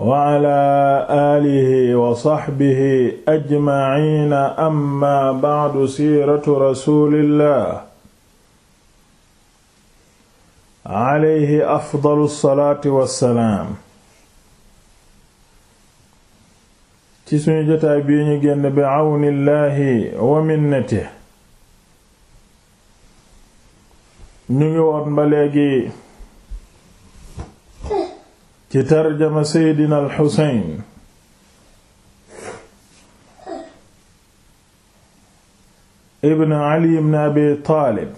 wa ala aalihi wa saxbihi ajmaciina amma bacdu siiratu rasuulillah alayhi afdalu salaati wa salaam. ci suñu jotaay bii ñu génn bi cawnillaahi wa minnatihi. ñu ngi woon ba léegi. ci tarjama seydina al xuseyn ibn ali ibn abi taalib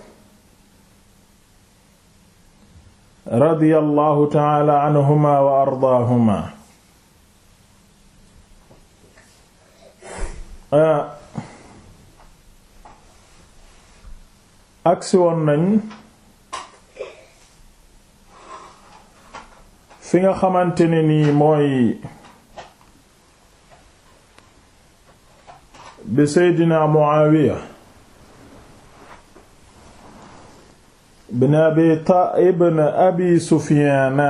radiyallahu taala anhuma wa ardaahuma ah, agsi woon nañ fi nga xamante ne nii mooy bi seydina Muawiya ibn abi ta ibn abi Sufyaana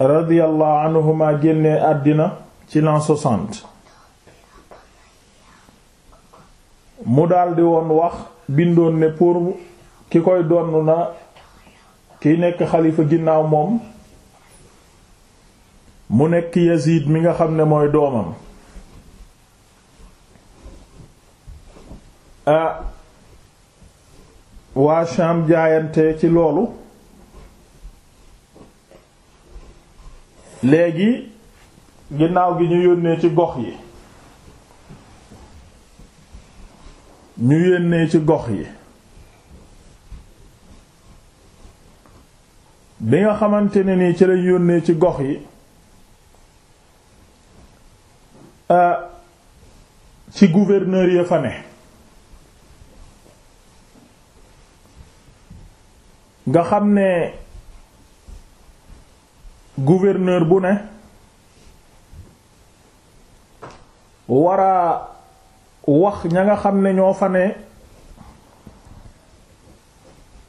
radiyallahu anhuma génne àddina ci l'an mu daldi woon wax bindoon ne pour ki koy donn na kiy nekk xalifa ginnaaw moom mu nekk Yazid mi nga xam ne mooy doomam a waa Sham jaayante ci loolu léegi ginnaaw gi ñu yónnee ci gox yi ñu yónnee ci gox yi bi nga xamante ne nii ci lañ yónnee ci gox yi euh, ci gouverneur ya fa ne nga xam ne gouverneur bu ne wara wax ña nga xam ne ñoo fa ne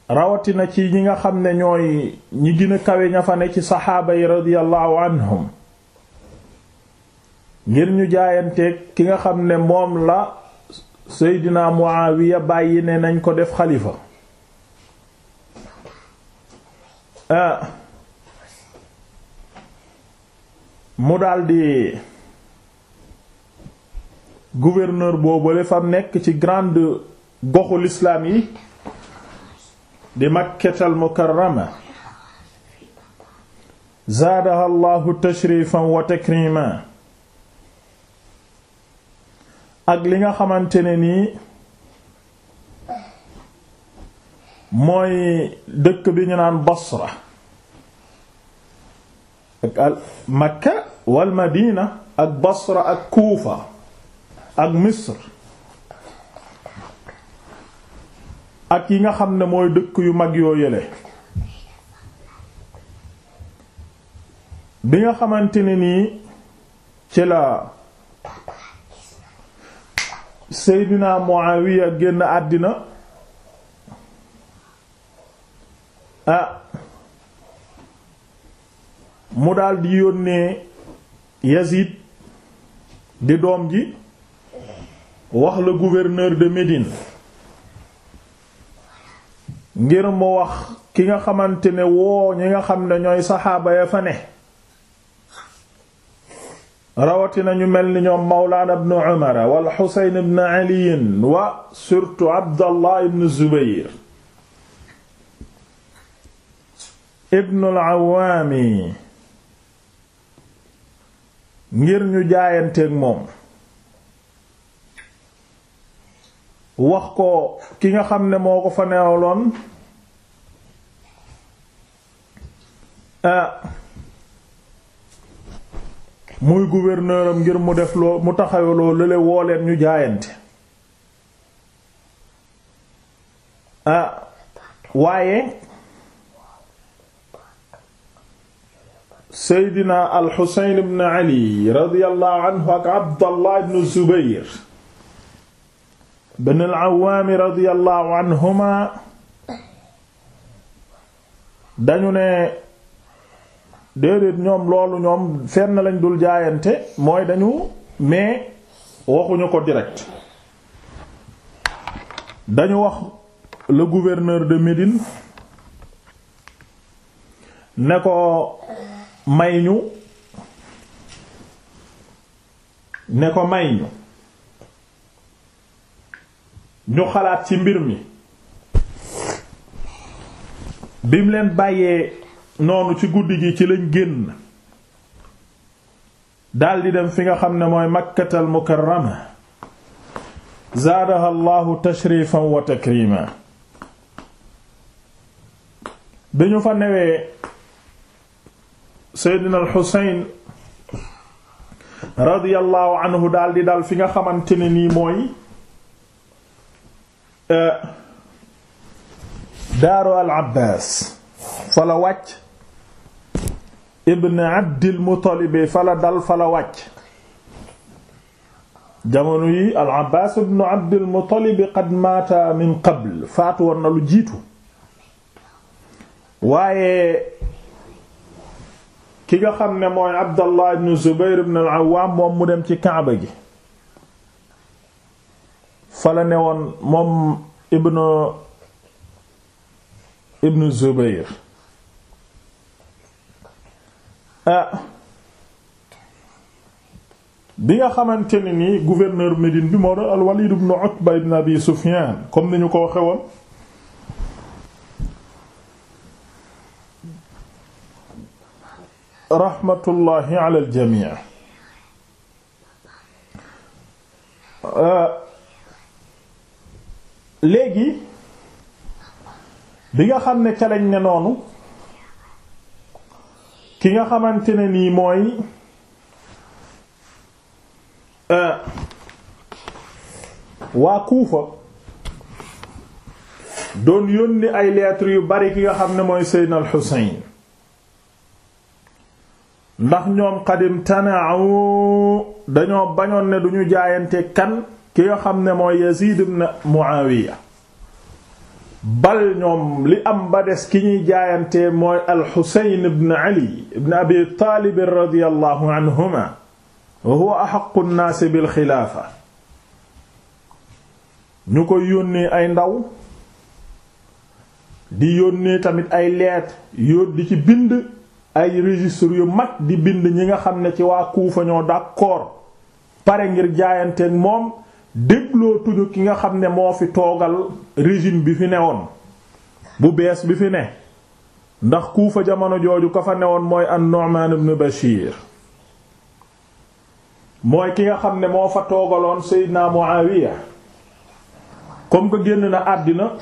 rawatina ci ñi nga xam ne ñooy ñi gën a nga fa ne ci saxaaba yi radiyallahu anhum ngir ñu jaayanteeg ki nga xam ne moom la Seydina Muawiya bàyyi ne nañ ko def xalifa ah. mu daldi gouverneur boobale fam nekk ci grande goxu lislaam yi di makkatal mukarrama zaadaha allahu tashrifan wa takrima ak li nga xamante ne nii mooy dëkk bi ñu naan Basra ak al Makka wal Madina ak Basra ak Kuufa ak Misr ak yi nga xam ne mooy dëkk yu mag yoo yële bi nga xamante ne nii ci la Seydina Muawiya génn àddina ah mu daldi yónnee Yazid di doom ji wax la gouverneur de Médine ngir mu wax ki nga xamante ne woo ñi nga xam ne ñooy saxaaba ya fa ne rawatina ñu mel ni ñoom mawlaana ibn Umar wal Xuseyn ibn Ali wa surtout Abdallah ibn Zubayr ibn al-Awaami ngir ñu jaayanteek moom wax ko ki nga xam ne moo ko fa neewaloon ah. muy gouverneur am ngir mu def loo mu taxawaloo lële woo leen ñu jaayante ah. waaye seydina al xuseyn ibn ali radiyallahu ak abdallah ibn zubayr ibn al-Awwaam radiyallahu anhuma dañu ne déedéet ñoom loolu ñoom na lañ dul jaayante mooy dañu mais waxuñu ko direct dañu wax le gouverneur de Médine ne ko may ñu ne ko may ñu ñu xalaat ci mbir mi bim leen bàyyee noonu ci guddi gi ci lañ génn daldi dem fi nga xam ne mooy makkatal mukarrama zaadaha allahu tashrifan wa takrima bi ñu fa newee seydina al xusayn radiyallahu anhu daldi dal fi nga xamante ne nii mooy Euh, daaru al abbaas fa la wàcc ibn abdil muttalibi yi al abbaas ibn abdil muttalibi maata min qabl faatu woon lu jiitu waaye ki nga xam ne mooy abdallah ibn zubayr ibn al awaam moom mu dem ci kaaba gi fa la woon moom ibnu ibnu Zubayr ah. bi nga xamante ne ni gouverneur Médine bi moo doon al Walid ibn Utba ibn Abi Sufyan comme ni ko waxe woon rahmatullahi ala al jami' ah. léegi bi nga xam ne ca lañ ne noonu ki nga xamante ne nii mooy euh, waa Kuufa doon yónni ay lettres yu bari ki nga xam ne mooy Seydina al-Husayn ndax ñoom xadim tanaaw dañoo bañoon ne ñu jaayante kan ki nga xam ne mooy Yazid ibn Muawiya bal ñoom li am ba des ki ñuy jaayante mooy al-Husayn ibn Ali ibn Abi Talib radiyallahu anhuma wa huwa ahaqqu an bil khilaafa ñu ko yónnee ay ndaw di yónnee tamit ay leet yóot di ci bind ay registre yu mag di bind ñi nga xam ne ci waa Kuufa ñoo d'accord pare ngir jaayanteek moom dégloo tuñu ki nga xam ne moo fi toogal régime bi fi newoon bu bees bi fi ne ndax Kuufa jamono jooju ko fa newoon mooy an-Nu'man ibn Bashir mooy ki nga xam ne moo fa toogaloon Seydina Muawiya comme que génn na àddina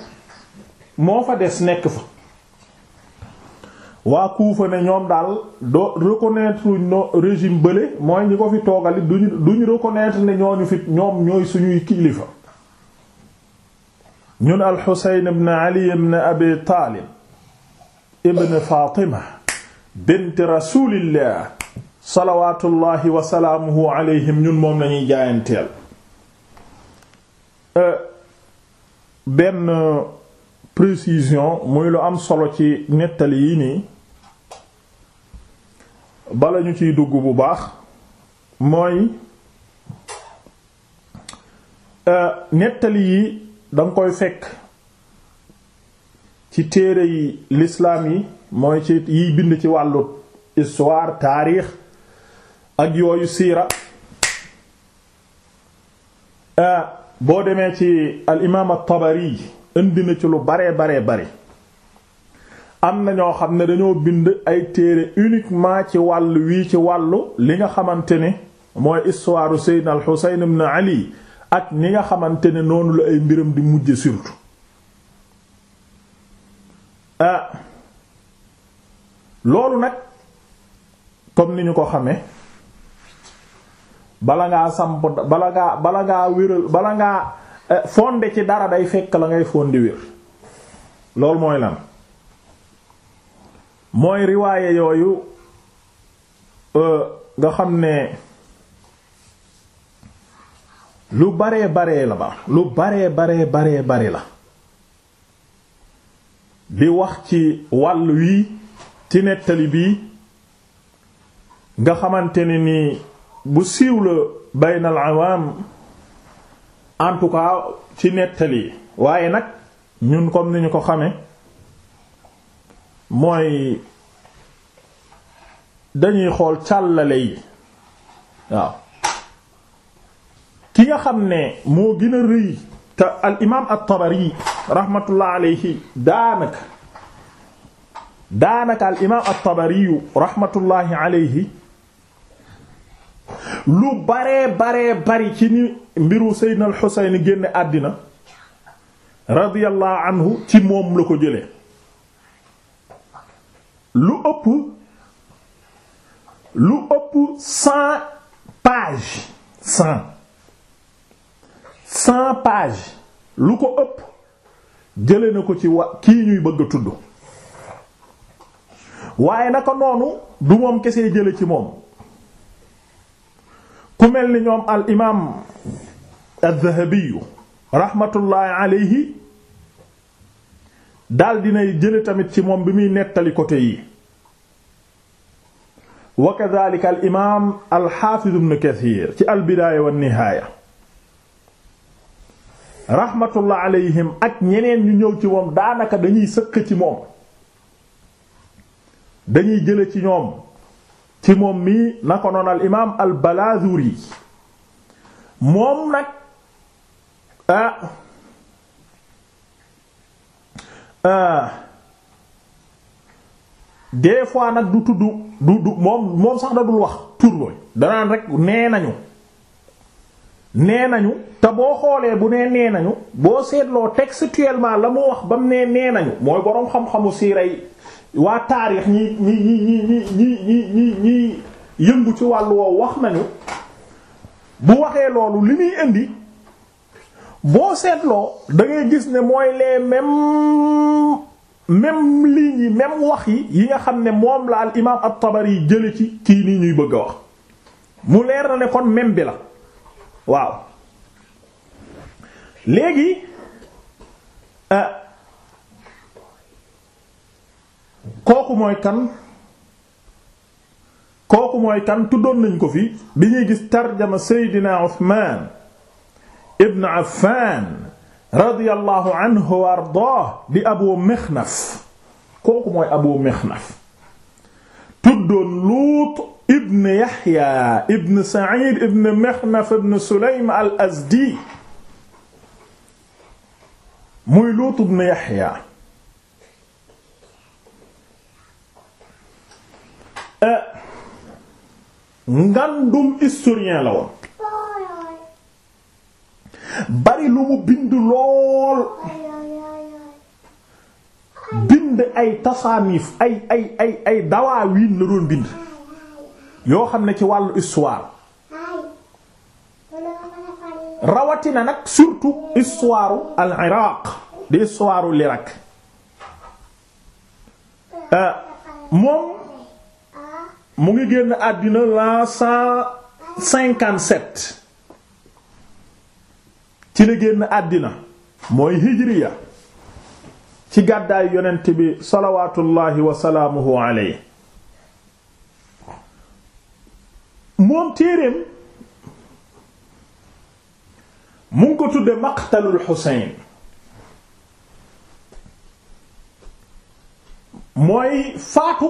moo fa des nekk fa waa Kuufa ne ñoom daal doo reconnaître no régime bële mooy ñi ko fi toogali duñu duñu reconnaître ne ñooñu fit ñoom ñooy suñuy kilifa ñun al-Husayn ibn Ali ibn Abi Taalib ibn Fatima bint rasulillah salawatullahi wa salaamuhu alayhim ñun moom lañuy jaayanteel euh, benn précision muy lu am solo ci nettali yi nii bala ñu ciy dugg bu baax mooy euh, nettali yi danga koy fekk ci téere yi lislaam yi mooy ci yiy bind ci wàllu histoire taarix ak yooyu siira euh, boo demee ci al imaam tabari indi na ci lu bare bare bari am na ñoo xam ne dañoo bind ay téere uniquement ci wàll wii ci wàllu li nga xamante ne mooy histoire Seydina al Xuseyn ibn Ali ak ñi nga xamante ne noonu la ay mbiram di mujje surtout ah, loolu nag comme ni ñu ko xamee bala ngaa samp bala ngaa bala ngaa wéral bala ngaa eh, fonde ci dara day fekk la ngay fonde wér loolu mooy lan mooy riwaaye yooyu euh, nga xam ne lu baree baree la ba lu baree baree baree bare la bi wax ci wàll wii ci nettali bii nga xamante ne nii bu siiw la baynal awaam en tout cas ci nettali waaye nag ñun comme nañu ko xame mooy dañuy xool càllale yi ki nga xam ne moo gën a rëy te al imaam at-Tabari rahmatullah alayhi daanaka daanaka al imaam at-Tabari rahmatullahi alayhi lu baree baree bari ci ni mbiru Seydina al-Husayn génn àddina radiyallahu anhu ci moom la ko jële lu ëpp lu ëpp cent page cent cent lu ko ëpp jële na ko ci wa kii ñuy bëgg tudd waaye naka noonu du moom kese jële ci moom ku mel ni ñoom al imaam al dhahabiyu raxmatullaahi alayhi daal dinay jële tamit ci moom bi muy nettali côté yi wa kadhalika al imaam al xaafiz ibn kathir ci al bidaaya wa nihaaya rahmatullah alayhim ak ñeneen ñu ñëw ci moom daanaka dañuy sëq ci moom dañuy jële ci ñoom ci moom mii na ko noon al imaam al balaazuri moom nag ah, Ah. des fois nag du tudd du du moom moom sax da dul wax tur booy danaan rek nee nañu nee nañu te boo xoolee bu nee nee nañu boo seetloo textuellement la mu wax ba mu nee nee nañu mooy boroom xam-xamu siira yi waa taarix ñi ñi ñi ñi ñi ñi ñi ñi ñi yëngu ci wàllu woowu wax nañu bu waxee loolu li muy indi boo seetloo da gis ne mooy les mêmes même lignes yi même wax yi yi nga xam ne moom la al imaam at-Tabari jële ci kii nii ñuy bëgg a wax mu leer na ne kon même bi la waaw léegi euh, kooku mooy kan kooku mooy kan tuddoon nañ ko fi bi ñuy gis tarjama Seydina Usmaan ibn Affan radiyallahu anhu wa ardaah di Abu Mikhnaf kooku mooy Abu Mikhnaf tuddoon Luut ibn Yahya ibn Sa'id ibn Mikhnaf ibn Sulaym al-Azdi muy Luut ibn Yahya eh, ngandum historien la woon bari lu mu bind lool bind ay tasaanif ay ay ay ay dawaawiin la doon bind yoo xam ne ci wàllu histoire rawatina nag surtout histoire al iraq di histoire l'Irak euh, moom mu ngi génn àddina la cent cinquante-sept ci la génn àddina mooy hijriya ci gàddaay yonent bi salawaatullaahi wasalaamuhu alayhi moom téereem mu ngi ko tudde maqtalul xuseyn mooy faatu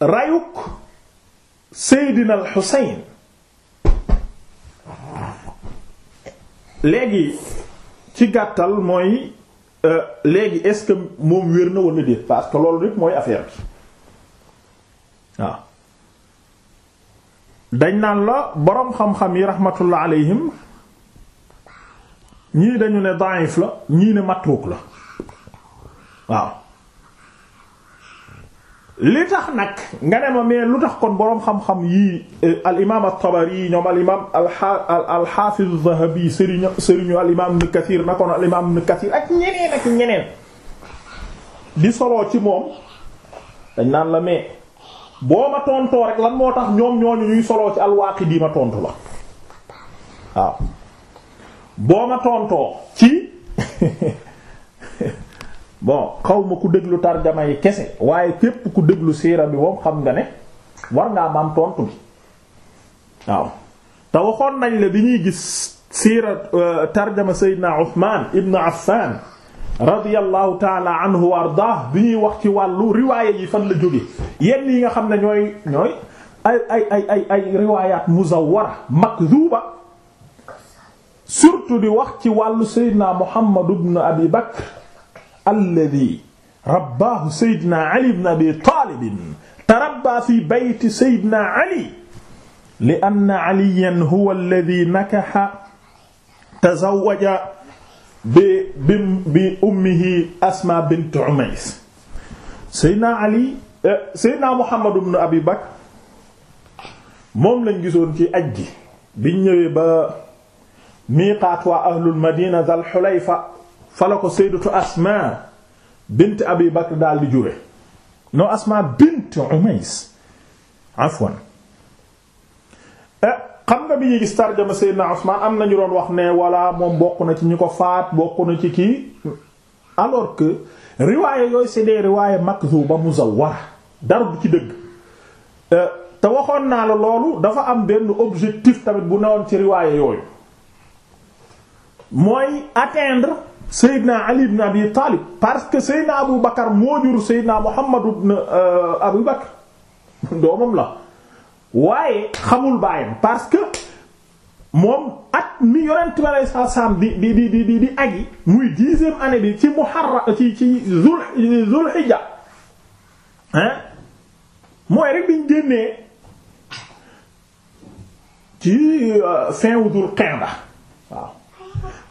rayuk seydina al xuseyn léegi ci gàttal mooy euh, léegi est-ce que moom wér na wala déet parce que loolu rek mooy affaire bi waaw dañ naan la boroom xam-xam yi rahmatullah alayhim ñii dañu ne da'if la ñii ne matruk la waaw li tax nag nga ne ma mais lu tax kon boroom xam-xam yii eh, al imaam at-Tabari ñoom al imaam al xaafiz az-Zahabi sëriñu sëriñu al imaam Ibn Kathir nakoon al imaam Ibn Kathir ak ñeneen ak ñeneen di soloo ci moom dañ naan la mais boo ma tontoo rek lan moo tax ñoom ñooñu ñuy soloo ci al-Waaqidi ma tontu la waaw boo ma tontoo ci bon xaw ma ku déglu tarjama yi kese waaye képp ku déglu siira bi moom xam nga ne war ngaa maam tontu bi waaw te waxoon nañ la bi ñuy gis siira euh, tarjama Seydina Uthman ibn Affan radiyallahu taala anhu wa ardaah bi ñuy wax ci wàllu riwaayé yi fan la jóge yenn yi nga xam ne ñooy ñooy ay ay ay ay ay riwaayaat muzawwara makdhuba surtout di wax ci wàllu Seydina Muhammad ibn Abi Bakr alladi rabbaahu sayyidina ali ibn abi taalib tarabbaa fi bayti sayyidina ali li anna aliyan huwa alladi nakaha tazawwaja bi bi bi ummihi asma bint umays sayyidina ali eh, sayyidina muhammad ibn abi bakr moom lañ gisoon ci aj gi biñ ñëwee ba miiqaat waa ahlul madina dhal hulayfa fa ko sayyidatu asma bint abi bakr daal di jure non asma bint umays afwan eh, xam nga bi ñuy gis tarjama sayyidna usman am ñu doon wax ne walla moom bokk na ci ñu ko faat bokk na ci kii alors que riwaaya yooyu c'est des riwaaya makdhuba muzawwara dara bu ci dëgg eh, te waxoon naa la loolu dafa am benn objectif tamit bu newoon ci riwaaya yooyu mooy atteindre Seydina Ali ibn Abi Talib parce que Seydina Abu Bakar moo jur Seydina Muhammad ibn euh, Abu Bakar doomam la waaye xamul baayam parce que moom at mi yonent bi alayhi salaatu salaam di di di di di aji muy année bi ci Muharram ci ci Zul Zulhijja hein mooy rek biñ génnee ci euh, fin wu Dul Qa'da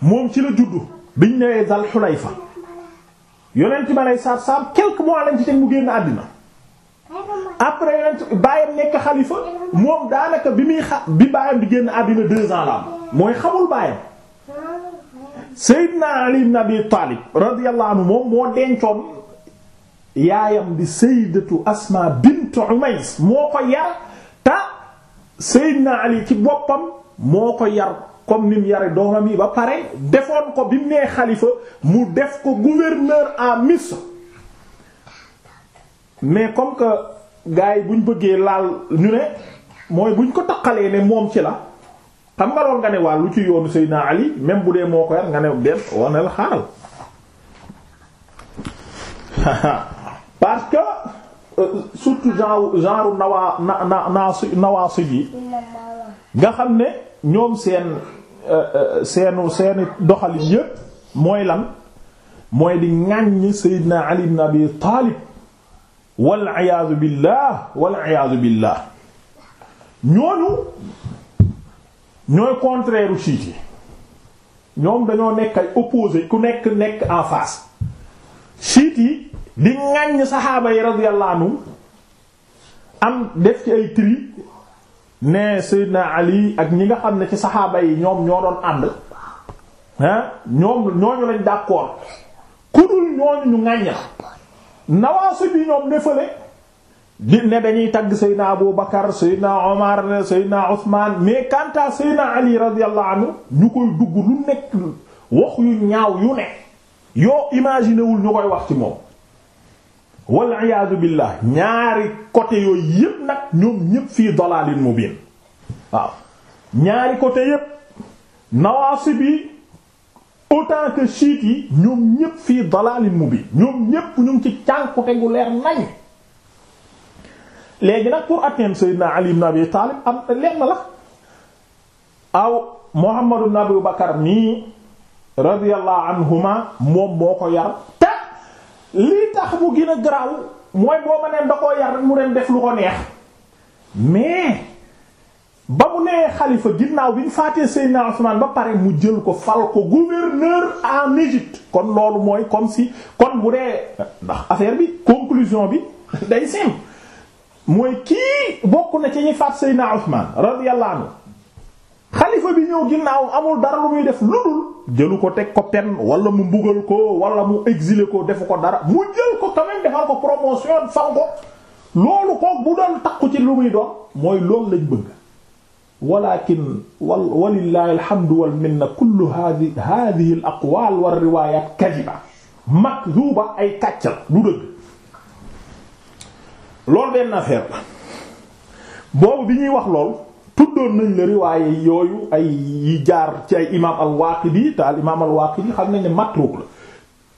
moom ci la juddu. biñ newee dal xulayfa yonent bi aleyhi salaatu salaam quelques mois lañ ci teg mu génn àddina après baayam nekk xalifa moom daanaka bi muy xa bi baayam di génn àddina deux ans la am mooy xamul baayam Seydina Ali ibn Abi Taalib radiyallahu anhu moo dencoon yaayam di Sayyidatu Asma bint Umays moo ko yar ta Seydina Ali ci boppam moo ko yar comme ni mu yare doomam yi ba pare defoon ko bi mu nee xalifa mu def ko gouverneur en Misr mais comme que gars yi buñ bëggee laal ñu ne mooy buñ ko taqalee ne moom ci la xam nga lool nga ne waa lu ci yoonu Seydina Ali même bu dee moo ko yar nga ne dem parce que euh, surtout genre genre nawaa na na nawaasi yi nga xam ne ñoom seen Euh, euh, seenu seeni doxalin yëpp mooy lan mooy di ŋàññ Seydina Ali ibn Abi Taalib wal iyaadu billah wal iyaadu billah ñooñu ñooy contraire u yi ñoom dañoo nekk ay opposé ku nekk nekk en face chiite yi di ŋàññ saxaaba yi radiyallahu anhu am def ci ay tri ne Seydina Ali ak ñi nga xam ne ci saxaaba yi ñoom ñoo doon ànd ah ñoom ñooñu lañ d'accord ku dul ñooñu ñu ŋàññal nawaasu bi ñoom defale di ne dañuy tagg Seydina Abu Bakar Seydina Omar Seydina Ousmane mais quant à Ali radiyallahu anhu ñu koy dugg lu nekk wax yu ñaaw yu ne yoo imaginé ñu koy wax ci moom wal iyaadu billah ñaari côté yooyu yépp nag ñoom ñépp fii dalaalin mubiin waaw ñaari côté yépp nawaasib yi autant que yi ñoom ñépp fii dalaalin mubiin ñoom ñépp ñu ngi ci cànkute gu leer nañ léegi nag pour atteindre Seydina Ali ibn Abi Taalib am lenn la aw Muhammad ibn Abu Bakar nii radiyallahu anhuma moom moo ko yar li tax mu gën a garaaw mooy boo ma neen da koo yar mu dem def lu ko neex mais ba mu nee xalifa ginnaaw bi ñu faatee Seydina Ousmane ba pare mu jël ko fal ko gouverneur en Égypte kon loolu mooy comme si kon bu dee ndax affaire bi conclusion bi day sim mooy kii bokk na ci ñi faat Seydina Ousmane radiyallahu anhu xalifa bi ñëw ginnaaw amul dara lu muy def lu dul jëlu ko teg ko pen wala mu mbugal ko wala mu exiler ko defu ko dara mu jël ko quand même ko promotion fan ko loolu ko bu doon takku ci lu muy doon mooy loolu lañ bëgg walakin walillahi alhamdu wal minna kullu hadi hadihi al aqwal war riwayat ay kàccal du dëgg loolu benn affaire boobu bi ñuy wax lool tuddoon nañ la riwaaye yooyu ay yi jaar ci ay imaam al-Waaqidi te al imaam al-Waaqidi xam nañ ne matruuk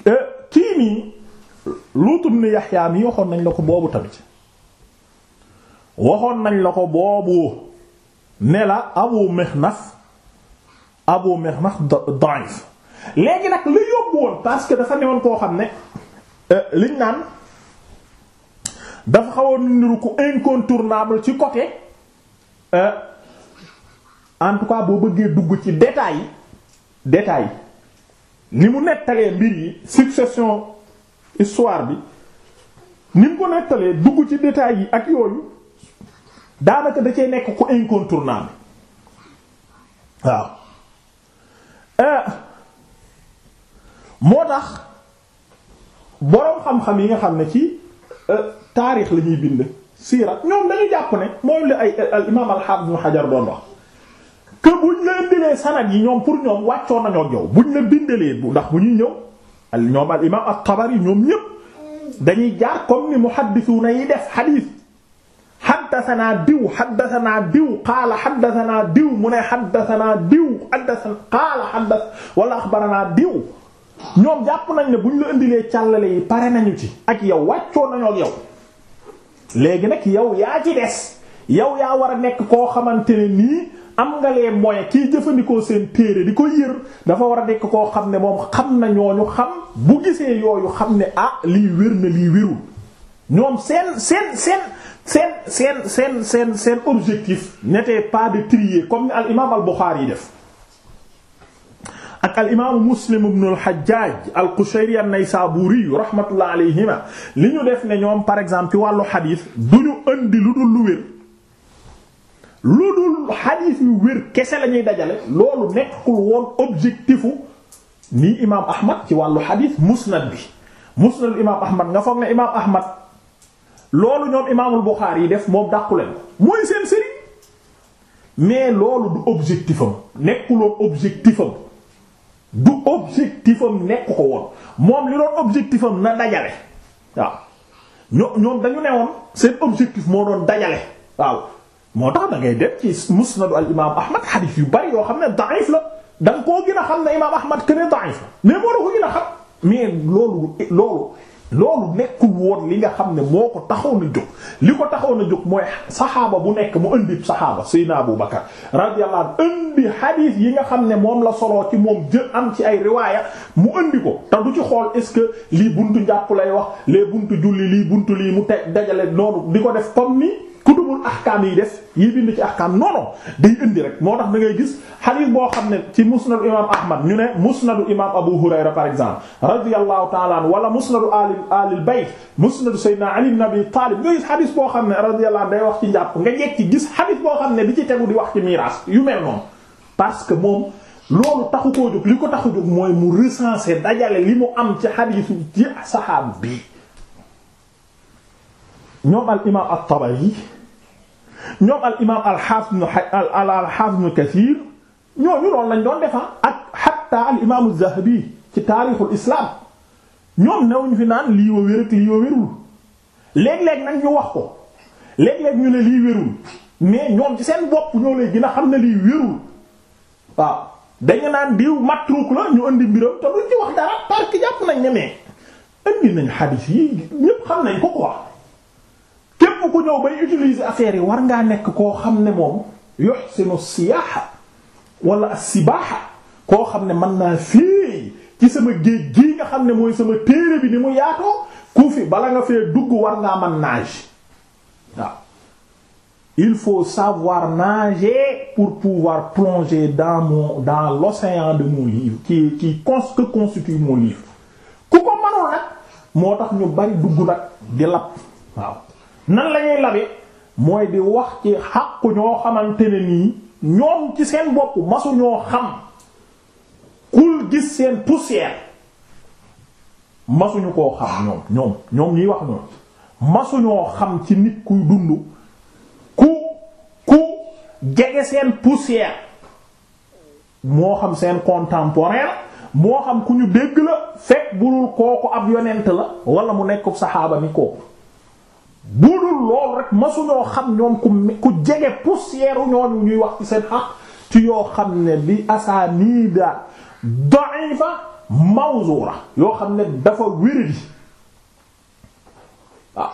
la eh, kii nii Luut ibn Yaxyaa mi waxoon nañ la ko boobu tamit waxoon nañ la ko boobu ne la Abu Mixnaf Abu Mixnaf da'if léegi nag la yóbbu woon parce que dafa newoon koo xam ne eh, liñ naan dafa xawoon nu niru ku incontournable ci côté Euh, en tout cas boo bëggee dugg ci détail détail ni mu nettalee mbir yi succession histoire bi ni mu ko nettalee dugg ci détail yi ak yooyu daanaka da cee nekk ko incontournable waaw euh, moo tax boroom xam-xam yi nga xam ne ci euh, taarix la ñuy bind siira ñoom dañu jàpp ne mooy la ay al imaam al Hajar doon wax que buñ indilee sanad yi ñoom pour ñoom wàccoon nañoo ñëw buñ la bindalee ndax bu ñuy ñëw al ñoom al at-Tabari ñëpp dañuy jaar comme ni muhaddisuuna yi def xadiis xaddasanaa diw xaddasanaa diw qaala xaddasanaa ne xaddasanaa diw xaddasanaa qaala xaddas wala axbaranaa diw ñoom jàpp nañ ne buñ la indilee càllale yi pare nañu ci ak yow wàccoon nañoo ak yow. léegi nag yow yaa ci des yow yaa war a nekk koo xamante ne nii am nga les moyens kiy jëfandikoo seen téere di ko yër dafa war a nekk koo xam ne moom xam na ñooñu xam bu gisee yooyu xam ne ah lii wér na lii wérul ñoom seen seen seen seen seen seen seen seen objectif n'était pas de trier comme al imam al Bukhari yi def ak al imaamu muslim ibn al hajjaj al qushayri an naysaburi rahmatullah alayhima li ñu def ne ñoom par exemple ci wàllu xadiis du ñu indi lu dul lu wér lu dul xadiis yu wér kese lañuy dajale loolu nekkul woon objectifu nii imaam ahmad ci wàllu xadiis musnad bi musnad imaam ahmad nga foog ne imaam ahmad loolu ñoom imaamul buxaari yi def moom dàquleen mooy seen sëriñ mais loolu du objectifam nekkuloon objectifam du objectifam nekk ko woon moom li doon objectifam na dajale waaw ñoo ñoom dañu ne woon seen objectif moo doon dajale waaw moo tax da ngay dem ci musnadu al imaam Ahmad xadiis yu bari yoo xam ne da'if la da koo gën a xam ne imaam Ahmad que ne da'if la mais moo la ko gën a xam mais loolu loolu loolu nekkul woon li nga xam ne moo ko taxoon a jóg li ko taxoon na jóg mooy saxaaba bu nekk mu indi saxaaba Seydina Abu Bakar radiyallahu anhu indi xadiis yi nga xam ne moom la solo ci moom jë am ci ay riwaaya mu indi ko te du ci xool est-ce que lii buntu njàpp lay wax les buntu julli lii buntu lii mu te dajale noonu di ko def comme nii kutubul ahkaam yi def yi bind ci ahkaam non non day indi rek moo tax da ngay gis xadiis boo xam ne ci musnadu imaam Ahmad ñu ne musnadu imaam Abu Hurayra par exemple radiyallahu ta'ala anhu wala musnadu ali alil bayt musnadu sayyidina Ali ibn Abi Talib nga gis xadiis boo xam ne radiyallahu day wax ci njàpp nga jekk ci gis xadiis boo xam ne bi ci tegu di wax ci miraas yu mel noonu parce que moom loolu taxu koo li ko taxu jóg mooy mu recenser dajale li mu am ci xadiisu ci saxaab bi ñoom al imaam at-Tabari ñoom al imaam al xaafis nu ñoo al xaafis lañ doon defar ak xatta al imaamu Zahabi ci taarixul islam ñoom newuñu fi naan lii woo wér ak lii woo wérul léeg-léeg nag ñu wax ko léeg-léeg ñu ne lii wérul mais ñoom ci seen bopp ñoo lay gën a xam ne lii wérul waaw dañu naan diw matruk la ñu indi mbiram te duñ ci wax dara parce que jàpp nañ ne mais nañ xadiis yi ñépp xam nañ ko quoi. même ku ñëw bay utiliser affaire yi war ngaa nekk koo xam ne moom yuhsinu siyaaxa wala asibaaxa koo xam ne mën naa fii ci sama géej gii nga xam ne mooy sama téere bi ni mu yaatoo ku fi bala nga fee dugg war ngaa man naage waaw il faut savoir nager pour pouvoir plonger dans mon dans l'océan de ki ki qui qui que constitue mon livre ku ko mënoon nag moo tax ñu bari dugg nag di lap waaw nan lañuy labe mooy di wax ci xàqu ñoo xamante ne nii ñoom ci seen bopp masu ñoo xam kul gis seen poussière masuñu koo xam ñoom ñoom ñoom ñuy wax ñoom masuñoo xam ci nit kuy dund ku ku jege seen poussière moo xam seen contemporain moo xam ku ñu dégg la fekk bu dul kooku ab yonent la wala mu nekk saxaaba ni kooku bu dul loolu rek masuñoo xam ñoom ku ku jege poussière ñoom ñuy wax ci seen xaq ci yoo xam ne bi asaaniida da'ifa mawzuura yoo xam ne dafa wéradi waaw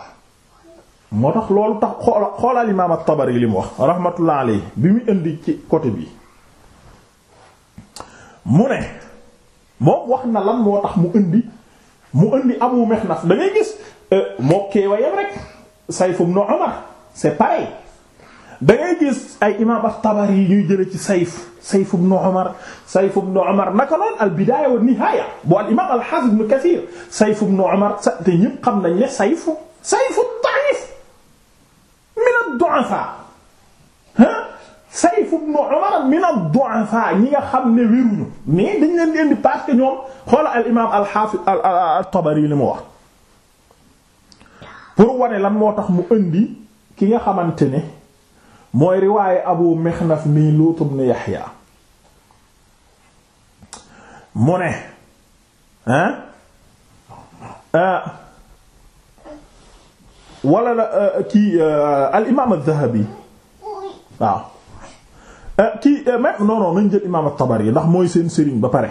moo tax loolu tax xoola xoolal imaam tabari li mu wax rahmatullah alayhi bi mu indi ci côté bi mu ne moom wax na lan moo tax mu indi mu indi Abu Mixnaf da gis euh, moo keewa yam rek Sayf ibn Umar c'est pareil da ngay gis ay imaam at-Tabari yi ñuy jële ci Sayf Sayf ibn Umar Sayf ibn Umar naka noonu al-Bidaaya wa Nihaaya bu al-imaam al-Haafiz ibn Kasiir Sayf ibn Umar te ñëpp xam nañ ne Sayf Sayf ad-da'if min ad-du'afaa ah Sayf ibn Umar min ad-du'afaa ñi nga xam ne wéruñu mais dañ leen di indi parce que ñoom xoolal al-imaam al-Haafiz at-Tabari li mu wax. pour wane lan moo tax mu indi ki nga xamante ne mooy riwaaye abu mixnaf mii luut ibn yaxya mu ne hein euh, wala la euh, kii euh, al imaam az-zahabi waaw kii même non non nañ jël imaam at-tabari ndax mooy seen sëriñ ba pare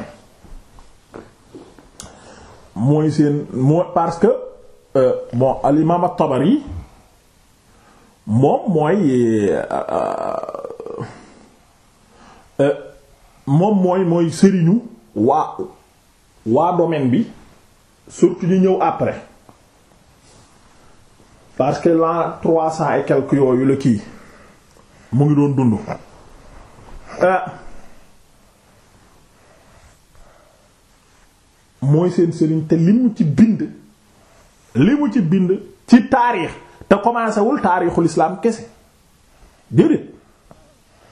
mooy seen moo parce Euh, bon al imaam at-Tabari moom mooy euh, euh, moom mooy sëriñu waa waa domaine bi surtout ñu ñëw après parce que l'an trois cents et quelques yooyu la kii mu ngi doon dund mooy seen sëriñ te li ci bind li mu ci bind ci taarix te commencé wul taarixul islaam kese déedéet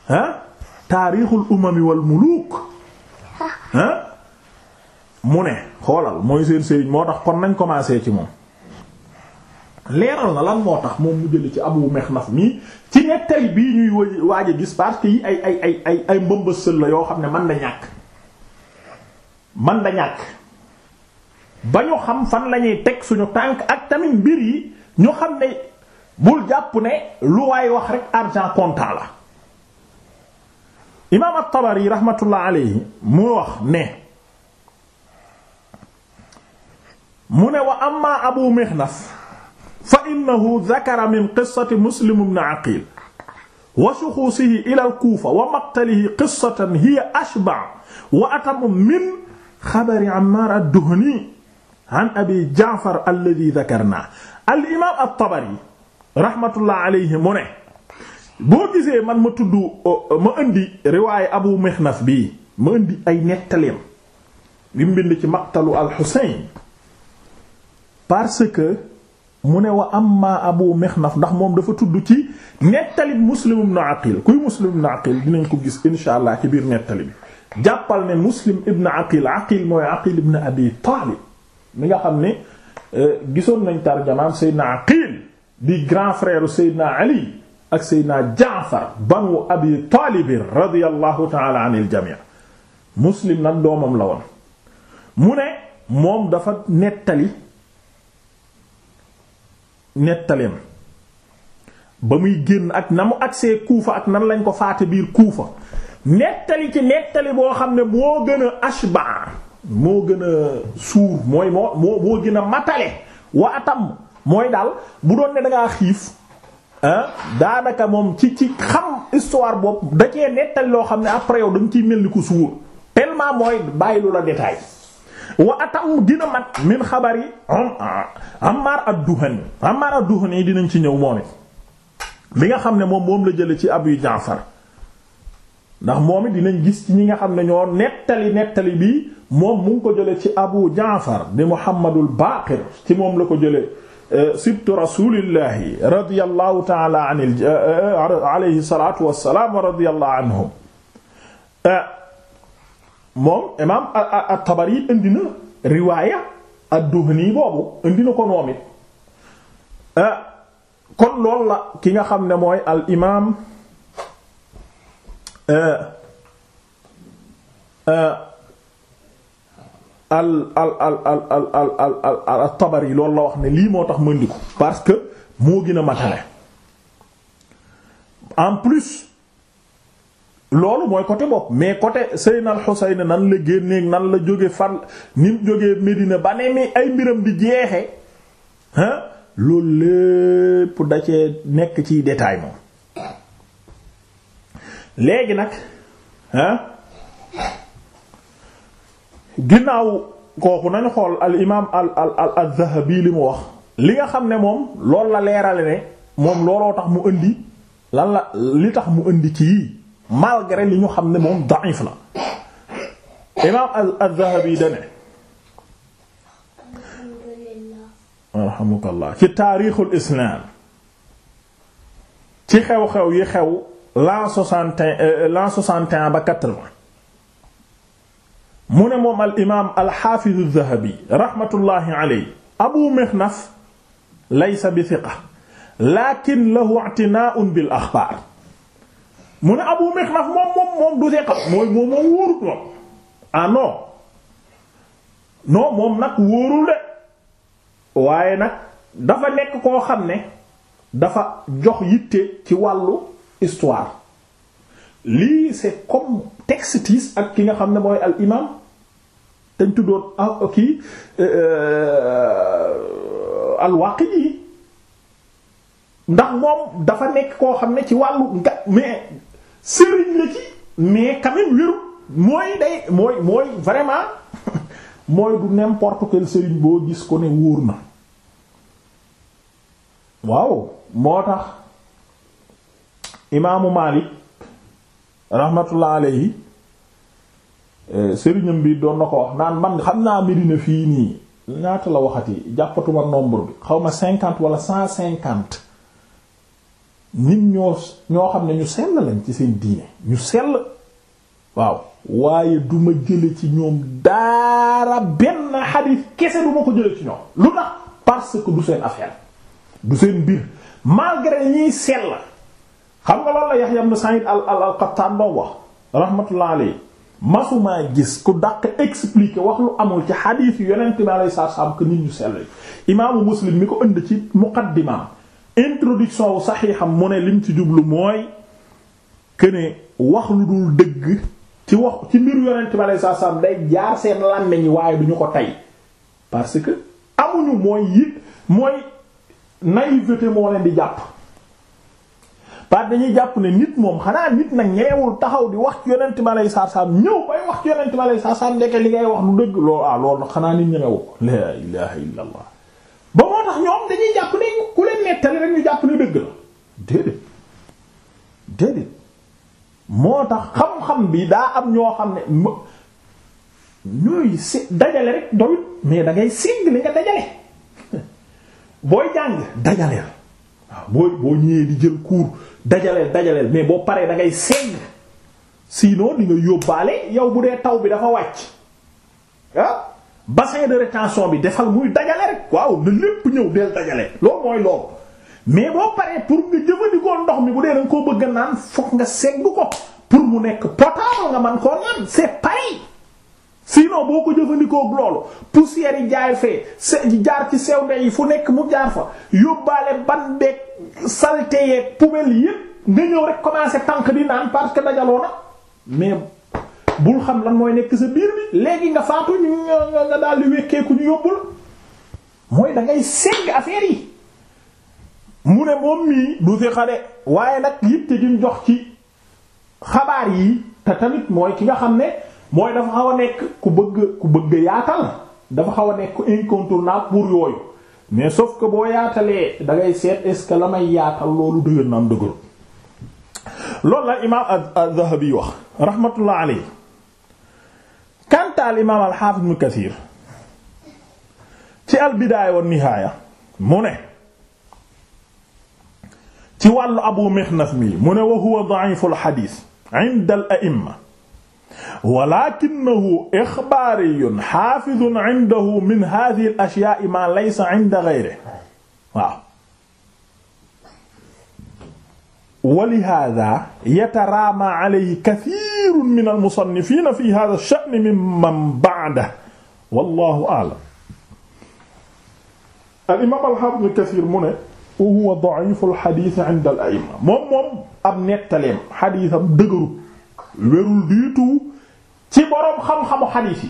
ah taarixul umami wal muluk ah mu ne xoolal mooy seen sëriñ moo tax kon nañ commencé ci moom leeral na lan moo tax moom mu jële ci abu mexnaf mii ci nettali bi ñuy waaj a gis parce que ay ay ay ay ay mbëmbësël la yoo xam ne man da ñàkk man da ñàkk ba ñu xam fan la ñuy teg suñu tànk ak tamit mbir yi ñu xam ne bul jàpp ne lu waay wax rek argent comptant imaam at-Tabari rahmatullah alayhi mu wax ne mu ne wa amma Abu Mixnaf fa innahu dakara min qissati Muslim ibn Aqil wa shuxuusihi ila kuufa wa maqtalihi qissatan hiya ashba' wa atamu min xabari Ammaar ad-Duhni abi jaafar alladhi dhakarna al imaam at-Tabari rahmatullah alayhi man ma tudd ma indi riwaaye Abu Mixnaf bi ma indi ay nettaleem bi mu bind ci maqtalu al-Husayn parce que mu ne wa amma Abu Mixnaf ndax moom dafa tudd ci nettali Muslim ibn Aqil kuy Muslim ibn Aqil dinañ ko gis insha allah ci biir nettali jàppal ne Muslim ibn Aqil Aqil mooy Aqil ibn Abi Talib mi nga xam ne euh, gisoon nañ tarjamaam Seydina Aqil di grand frère Seydina Ali ak Seydina Jaafar banu Abi Taalib radiyallahu ta'ala anil jami' muslim nag doomam la woon mu ne moom dafa nettali nettaleem ba muy génn ak na mu agsee kuufa ak nan lañ ko faate biir kuufa nettali ci nettali boo xam ne moo gën a ashba moo gën a suur mooy moo moo moo gën a matale wa atam mooy daal bu doon ne da ngaa xiif ah, daanaka moom ci ci xam histoire boobu da cee nettali loo xam ne après yow dañ nga ciy mel ni ku suur tellement mooy bàyyi lu la détail wa atam dina mat min xabar yi Ammar ad-Duhani Ammar ad-Duhani dinañ ci ñëw moom it bi nga xam ne moom moom la jële ci Abu Jaafar ndax moom it dinañ gis ci ñi nga xam ne ñoo nettali nettali bi moom mu ngi ko jële ci abu jaafar di muhammadul baqir ci moom la ko jële euh, sibtu rasulillahi radiyallahu ta'ala anil euh, euh, alayhi salatu wassalam wa radiyallahu anhum moom imam at-tabari indi na riwaaya ad-duhni boobu indi na ko noom it kon loolu la ki nga xam ne mooy al imam al al al al al al al al Tabari loolu la wax ne lii moo tax mëndi ko parce que moo gën a matale en plus loolu mooy côté bopp mais côté Seydina al nan la génneeg nan la jóge fan ni jóge jógee Medina ba ne mi ay mbiram di jeexe hein loolu lépp da nekk ciy détail moom léegi nag ah ginnaaw kooku nañu xool al imaam al al al al Zahabi li mu wax. li nga xam ne moom loolu la leerale ne moom looloo tax mu indi lan la li tax mu indi ci yii malgré li ñu xam ne moom da'if la imaam al al Zahabi da ne. alhamdulilah. ci taarixul islam ci xew-xew yi xew. l'an soixante euh, euh, mu ne moom al imaam al xaafiz abu Mixnaf laysa bi thiqa lakin lahu i'tinaa'un bil axbaar mu ne abu Mixnaf moom moom du thiqa mooy moom moom wóorut moom ah non non moom nag wóorul de waaye nag dafa nekk koo xam ne dafa jox yitte ci wàllu histoire lii c'est comme textis ak ki nga xam ne mooy al imam dañ tuddoon ah kii euh, al-Waqidi ndax moom dafa nekk koo xam ne ci wàllu nga mais sëriñ la ci mais quand wéru mooy day mooy mooy vraiment mooy du n'importe quel sëriñ boo gis ko ne wóor na waaw moo tax imaamu Maalik rahmatullah alayhi eh, sëriñam bi doon na ko wax naan man xam naa Medina fii nii ñaata la waxati jàppatuma nombre bi xaw ma cinquante wala cent cinquante nit ñoo ñoo xam ne ñu sell lañ ci seen diine ñu sell waaw waaye duma ma jële ci ñoom daara benn xadiis kese du ko jële ci ñoom lu tax parce que du seen affaire du seen mbir malgré ñiy sell xam nga loolu la Yahya ibn Sa'id al al al Qattan doon wax rahmatullah masumaa gis ku daq expliquer wax lu amul ci xadiis yu yonent bi alayhi salaam que nit ñu sell imaamu Muslim mi ko ënd ci muqaddimaam introduction wu saxiixam mu ne lim ci jublu mooy que ne wax lu dul dëgg ci wax ci mbir yonent bi alayhi salaam day jaar seen làmmiñ waaye duñu ko tey parce que amuñu mooy yi mooy naïveté moo leen di jàpp. parce dañuy jàpp ne nit moom xanaa nit nag ñeewul taxaw di wax ci yonent ma lay sarsam ñëw bay wax ci yonent ma lay sarsam ndeke li ngay wax lu dëgg loolu ah loolu nag xanaa nit ñemewu la ilaha illa ba moo tax ñoom dañuy jàpp ne ku leen nettali rek ñu jàpp ne dëgg la déedéet déedéet moo tax xam-xam bi daa am ñoo xam ne ñooy si dajale rek doyut mais da ngay sing li nga dajale booy jàng dajale waaw boo boo ñëwee di jël cours dajaleel dajaleel mais boo paree dangay ngay segg sinon di nga yóbbaale yow bu dee taw bi dafa wàcc ah bassin de bi defal muy dajale rek waaw na lépp ñëw del dajale loolu mooy loolu mais boo paree pour nga jëfandikoo ndox mi bu dee da koo bëgg naan fokk nga segg ko pour mu nekk potable nga man koo naan c'est pareil sinon boo ko jëfandikoo loolu poussière yi jaay fee jaar ci sew nde yi fu nekk mu jaar fa yóbbaale ban beeg saleté yeeg poubelle yépp nga ñëw rek commencé tànk di naan parce que dajaloo na mais bul xam lan mooy nekk sa biir bi léegi nga faatu ñu nga daal di wékkeeku ñu yóbbul mooy da ngay segg yi mu ne moom mii du fi xale waaye nag yitte gi jox ci xabaar yi te tamit mooy ki nga xam ne. mooy dafa xaw a nekk ku bëgg ku bëgg yaatal dafa xaw a nekk incontournable pour yooyu mais sauf que boo yaatalee dangay seet est-ce que la may yaatal loolu dëgër na am dëgër la imaam az-Zahabi wax rahmatullah alayhi kantaal imaam al-Hafiz Ibn Kathir ci al-Bidaaya wa Nihaaya mu ne ci wàllu Abu Mixnaf mi mu ne wa huwa da'if al-hadith al-a'imma walakinahu ixbaariyun xaafidun indahu min hadihi al ashyaa ma laysa inda gayre waaw walihada yataraama alayhi kathirun min almusannifina fi hada ash-sha'n mimman ba'dahu wallahu a'lam al-imam al-hafiz kathir mu ne wa huwa da'if al-hadith 'inda al-a'imma moom moom ab nettaleem xadiisam dëgëru wérul diitu ci boroom xam-xamu xadiis yi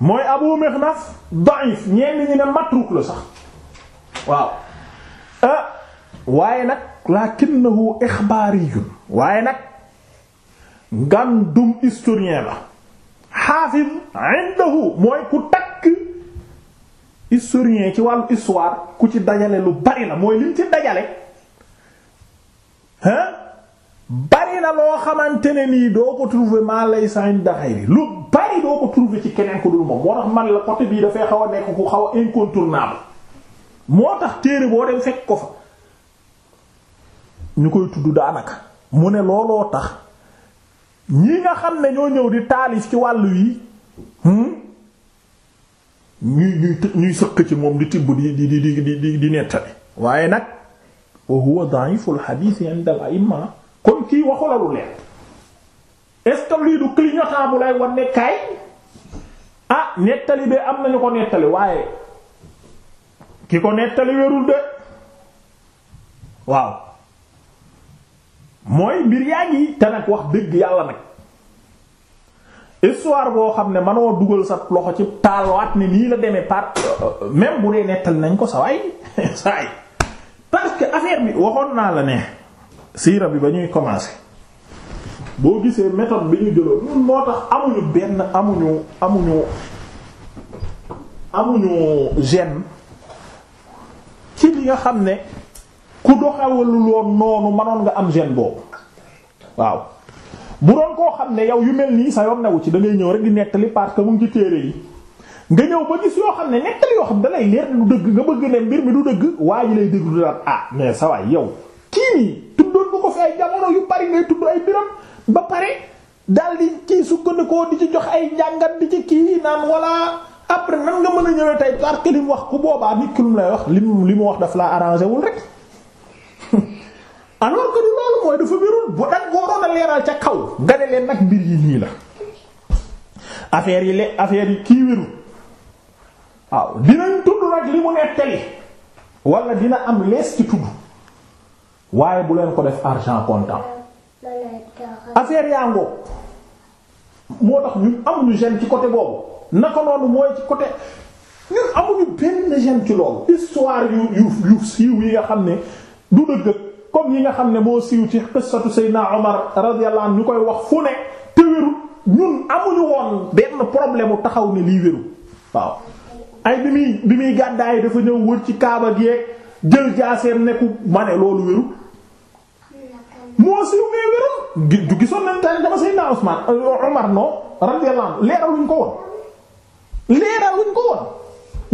mooy Abu Mixnaf da'if ñenn ñi ne matruk la sax waaw ah waaye nag lakinnahu ixbaariyun waaye nag ngandum historien la xaafid indahu mooy ku takk historien ci wàllu histoire ku ci dajale lu bari la mooy lim ci dajale hein bari na loo xamante ne nii doo ko trouver maa lay sañ daxay bi lu bari doo ko trouver ci keneen ku dul moom moo tax man la côté bii dafay xawa a nekk ku xaw a incontournable moo tax téere boo dem fekk ko fa ñu koy tudd daanaka mu ne looloo tax ñi nga xam ne ñoo ñëw di taalif ci wàllu yi hmm, ñuy ñuy ñuy sëq ci moom di tibb di di di di di nettali waaye nag wa huwa da'iful hadith inda al-a'imma kon kii waxu la lu leer est-ce que lii lay wan ah nettali bee am nañu ko nettali waaye ki ko nettali wérul de waaw mooy mbir yaa ngi te nag wax dëgg yàlla nag histoire boo xam ne manoo dugal sa loxo ci taalawaat ni nii la demee par même bu dee nettali nañ ko sa waay sa parce que affaire bi waxoon naa la ne. siira bi ba ñuy commencer boo gisee méthode bi ñu jëloon ñun moo tax amuñu benn amuñu amuñu amuñu gêne ci li nga xam ne ku doxawalul woon noonu mënoon nga am gêne boobu waaw bu doon koo xam ne yow yu mel nii sa yoon newu ci da ñëw rek di nettali parce que mu ci téere yi nga ñëw ba gis yoo xam ne nettali yoo xam da leer du dëgg nga bëgg ne mbir mi du dëgg waa ji lay déglu daal ah mais sa yow kii nii ay jamono yu bari ngay tudd ay biram ba pare daal di ci sukkandikoo di ci jox ay njàngat di ci kii naan walla après nan nga mën a ñëwee tey parce que li wax ku boobaa nit ki lu lay wax li mu li mu wax daf laa arrangé wul rek alors que dafa wérul bu dag booroon a leeral ca kaw nga ne leen nag mbir yi nii la affaire yi le affaire yi kii wérul waaw dinañ tudd nag li mu nettali wala dina am lees ci tudd waaye bu leen ko def argent comptant affaire yaa ngoo moo tax ñun amuñu gen ci côté boobu naka noonu mooy ci côté ñun amuñu benn gêne ci loolu histoire yu yu yu siiw yi nga xam ne du dëgg comme yi nga xam ne moo siiw ci qissatu Seydina Omar radiyallahu anhu ñu koy wax fu ne te wérul ñun amuñu woon benn problème mu taxaw ne lii wérul waaw ay bi muy bi muy gàddaay dafa ñëw wër ci kaaba gi jël jaaseem ne ku ma ne loolu wérul moo siiw mais wéroon gi du gisoon nañ tey dama Seydina Usman euh, Umar non radiyallahu anhu leeraluñ ko woon leeraluñ ko woon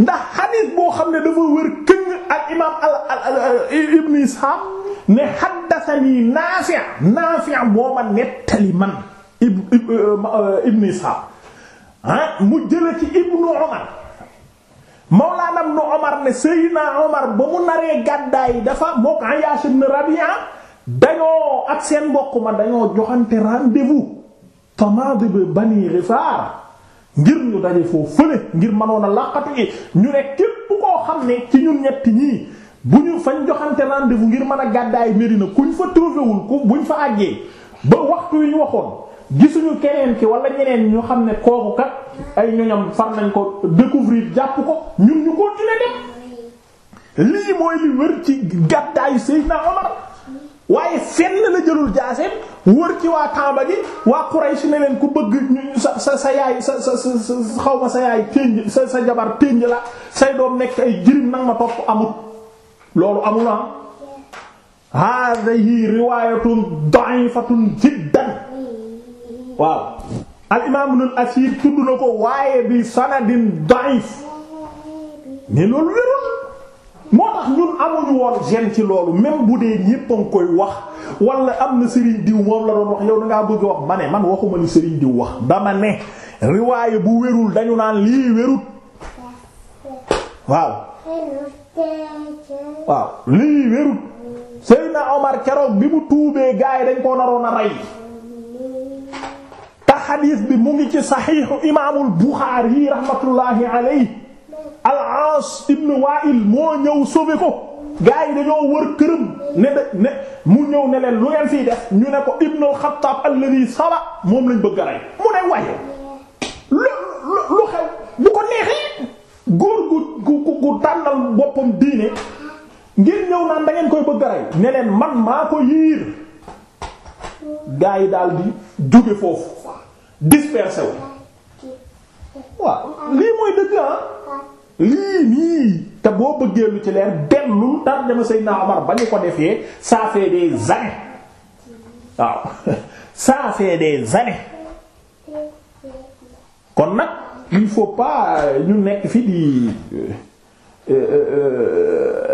ndax xadiis boo xam ne dafa wër këñ al imaam al ibn Ishaq ne haddathani Naafi' Naafi' moo ma nettali man euh, ibn Ishaq ah mu jële ci ibnu Umar mawlaana ibnu Umar ne Seydina Umar ba mu naree gàddaay dafa bokk Ayyaash ibn Rabi'a dañoo ak seen mbokk ma dañoo joxante rendez-vous tamaadi bi bani Gifaar ngir ñu daje foofu fële ngir mënoon a laqatu ñu ne képp koo xam ne ci ñun ñett ñii bu ñu fañ joxante rendez-vous ngir man a gàddaay Medina kuñ fa trouvéwul ku buñ fa àggee ba waxtu yi ñu waxoon gisuñu keneen ki wala ñeneen ñu xam ne kooku kat ay ñoñam far nañ ko découvrir jàpp ko ñun ñu continuer dem lii mooy li wër ci gàddaayu Seydina Omar waaye fenn la jëlul jaaseem wër ci waa Kaaba gi waa Quraysh ne ku bëgg sa sa sa sa xaw ma sa yaay ténj jabar ténj la say doom nekk ay jirim nag ma topp amut loolu amul ah hadihi riwayatun da'ifatun jiddan waaw al imam al asir tudd na ko waaye bi sanadin da'if ne loolu wérul moo tax ñun amuñu woon gene ci loolu même bu dee ñépp a ngi koy wax wala am na Serigne Diw moom la doon wax yow da ngaa wax ma ne man waxuma ni Serigne Diw wax dama ne riwaaye bu wérul dañu naan lii wérut waaw waaw lii wérut Seydina Omar keroog bi mu tuubee gaa yi dañ koo naroon a rey te bi mu ngi ci saxiixu imaamul Buxaari rahmatullahi alayhi al-Aas Wa'il moo ñëw sauver ko gars yi dañoo wër këram ne de ne mu ñëw ne leen lu ngeen fiy def ñu ne ko ibn al-Khattab alladhi sala moom lañ bëgg a rey mu ne waaye lu lu xew bu ko neexee góor gu gu gu tànnal boppam diine ngir ñëw naan da ngeen koy bëgg a rey ne leen man maa ko yiir gars yi daal di jóge foofu dispersé wu waaw lii mooy dëgg ah. lii nii te boo bëggee lu ci leer dellu tarjama Seydina Omar ba ñu ko defee ça fait des années waaw ça fait des années kon nag il faut pas ñu nekk fi di euh, euh,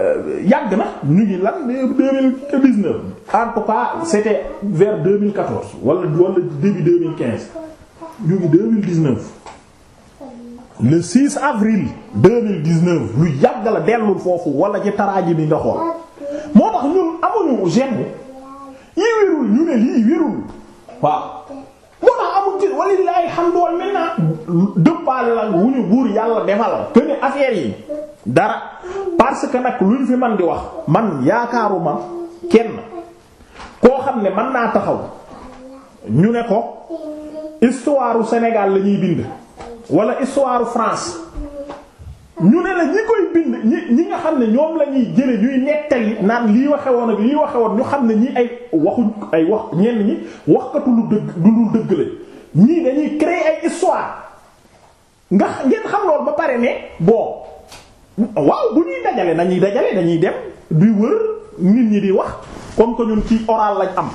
euh, yàgg na ñu ngi lan deux mille dix-neuf en tout cas vers deux mille quatorze wala wala début deux mille quinze ñu ngi le 6 avril 2019 lu yàgg la dellul foofu wala ci taraaji bi nga xool moo tax ñun amuñu gñn yi wérul ñu ne lii wérul waaw moo tax amul ci wala li ay xam dool maintenant dëppaale la wu ñu buur yàlla defal que ne affaire yi dara parce que nag luñ fi man di wax man yaakaaruma kenn koo xam ne man naa taxaw ñu ne ko histoire senegal lañuy la bind. wala histoire France ñu ne la ñi koy bind ñi ñi nga xam ne ñoom la ñuy jële ñuy nettali naan lii waxe woon ak lii waxe woon ñu xam ne ñi ay waxuñ ay wax ñenn ñi waxkatu lu dëgg lu dëgg la ñii dañuy créer ay histoire nga ngeen xam lool ba pare ne bon waaw bu ñuy dajale nañuy dajale dañuy dem di wër nit ñi di wax comme que ñun ci oral lañ am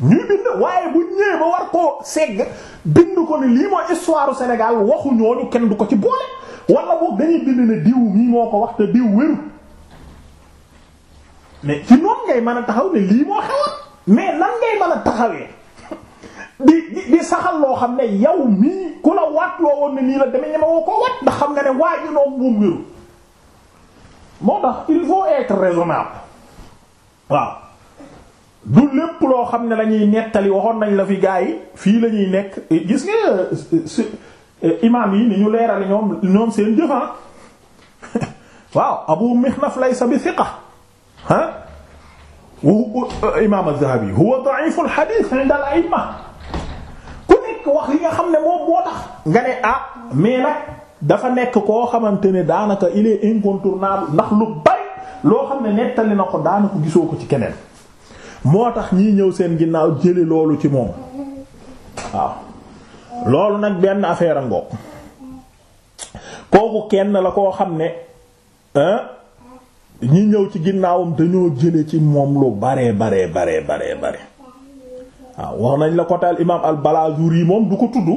ñuy bind waaye bu ñëwee ba war koo segg bind ko ni lii mooy histoire Sénégal waxu ñooñu kenn du ko ci boole walla boog dañuy bind ne diw mii moo ko wax te diw wéru mais ci noonu ngay mën a taxaw ne lii moo xewat mais nan ngay mën a taxawee di di saxal loo xam ne yow mii ku la waat loo woon ni la demee ñama ko wat ndax xam nga ne waa ji noom moom wéru moo tax il faut être raisonnable waaw du lépp loo xam ne lañuy nettali waxoon nañ la fi gaa yi fii lañuy nekk gis nga euh, imaam yi ni ñu leerali ñoom ñoom seen jëfan ah. waaw abu mihnaf laysa bi thiqa ah imaam az-zahabi huwa da'if al-hadith 'inda al-a'imma ku nekk wax li nga xam ne moom moo tax nga ne ah mais dafa nekk koo xamante ne daanaka il est incontournable ndax lu bari loo xam ne nettali na ko daanaka gisoo ko ci keneen moo tax ñii ñëw seen ginnaaw jële loolu ci moom waaw loolu nag benn affaire a ngoog kooku kenn la koo xam ne ñi ñëw ci ginnaawam dañoo jële ci moom lu bare baree baree baree bare waaw wax nañ la ko taal imaam al yi moom du ko tudd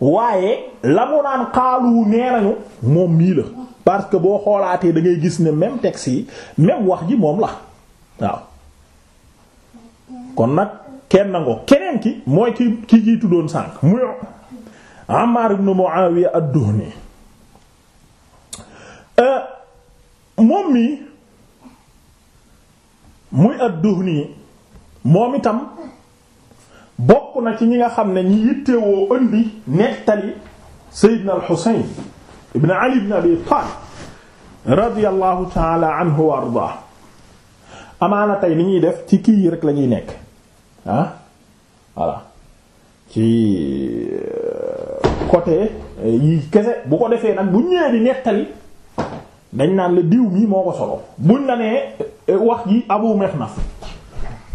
waaye la mu naan xaalu nee nañu moom mii la parce que boo xoolaatee da gis ne même texte yi même wax ji moom la waaw kon nag kenn nango keneen ki mooy ci ci jiitu doon sànq muy Ammar ibn Muawiya ad-Duhni euh, moom mi moom itam bokk na ci ñi nga xam ne ñi yittewoo indi nettali Seydina al-Husayn ibn Ali ibn Abi Talib radiyallahu anhu wa ardaa amaana tey li ñuy def ci kii yi rek la ñuy nekk ah voilà ci euh, côté euh, yi kese bu ko defee nag bu ñëwee di nettali dañ naan la diw mii moo ko solo buñ la nee euh, wax ji Abu Mikhnaf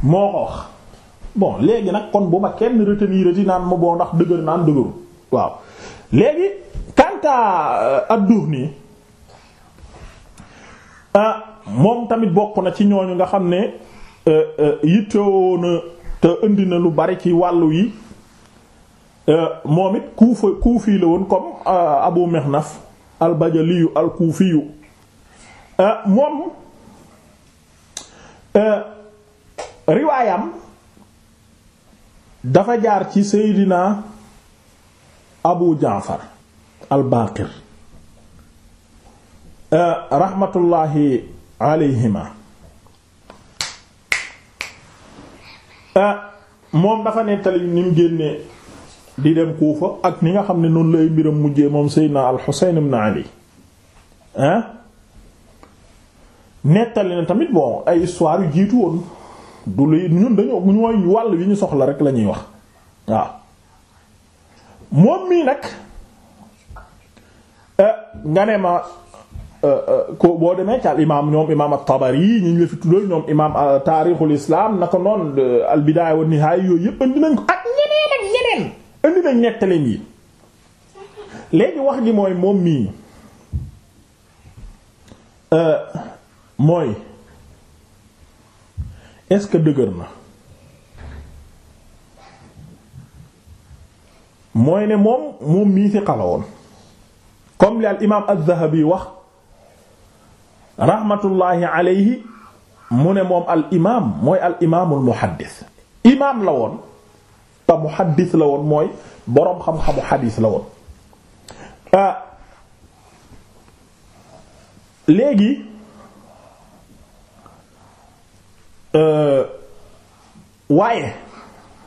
moo ko wax bon léegi nag kon bu ma kenn retenir di naan ma ndax dëgër naan dëgëru waaw léegi kanta ad-Duhni ah, moom tamit bokk na ci ñooñu nga xam ne yittewoo na te indi na lu bari ci wàllu yi euh, moom it kuufa kuufi la woon comme euh, Abu Mixnaf al-Bajaliyu al-Kuufiyu euh, moom riwaayam dafa jaar ci Seydina Abu Jaafar al-Baaqir rahmatullahi alayhima Ah, moom dafa nettali ni mu génnee di dem Kuufa ak ni nga xam ne noonu lay mbiram mujjee moom Seydina al-Husayn ibn Ali ah nettali na tamit bon ay histoire yu jiitu woon du lu ñun dañoo ñooy wàll yi ñu soxla rek la ñuy wax waaw moom mii nag eh, nga ne ma ko boo demee ci al imaam ñoom imaam at-Tabari ñu ngi la ñoom imaam euh, taarixul islam naka noonu euh, al bidaaya wa nihaaya yooyu yëpp andi nañ ko ak ñeneen ak ñeneen andi nañ nettaleem yi léegi wax ji mooy moom mii euh, mooy est-ce que dëgër na mooy ne moom moom mii ci xalawoon comme li al imaam az-Zahabi wax. rahmatullahi alayhi mu ne moom al imaam mooy al imaamul muhaddis imaam la woon te muhaddis la woon mooy boroom xam-xamu xadiis la woon ah, léegi euh, waaye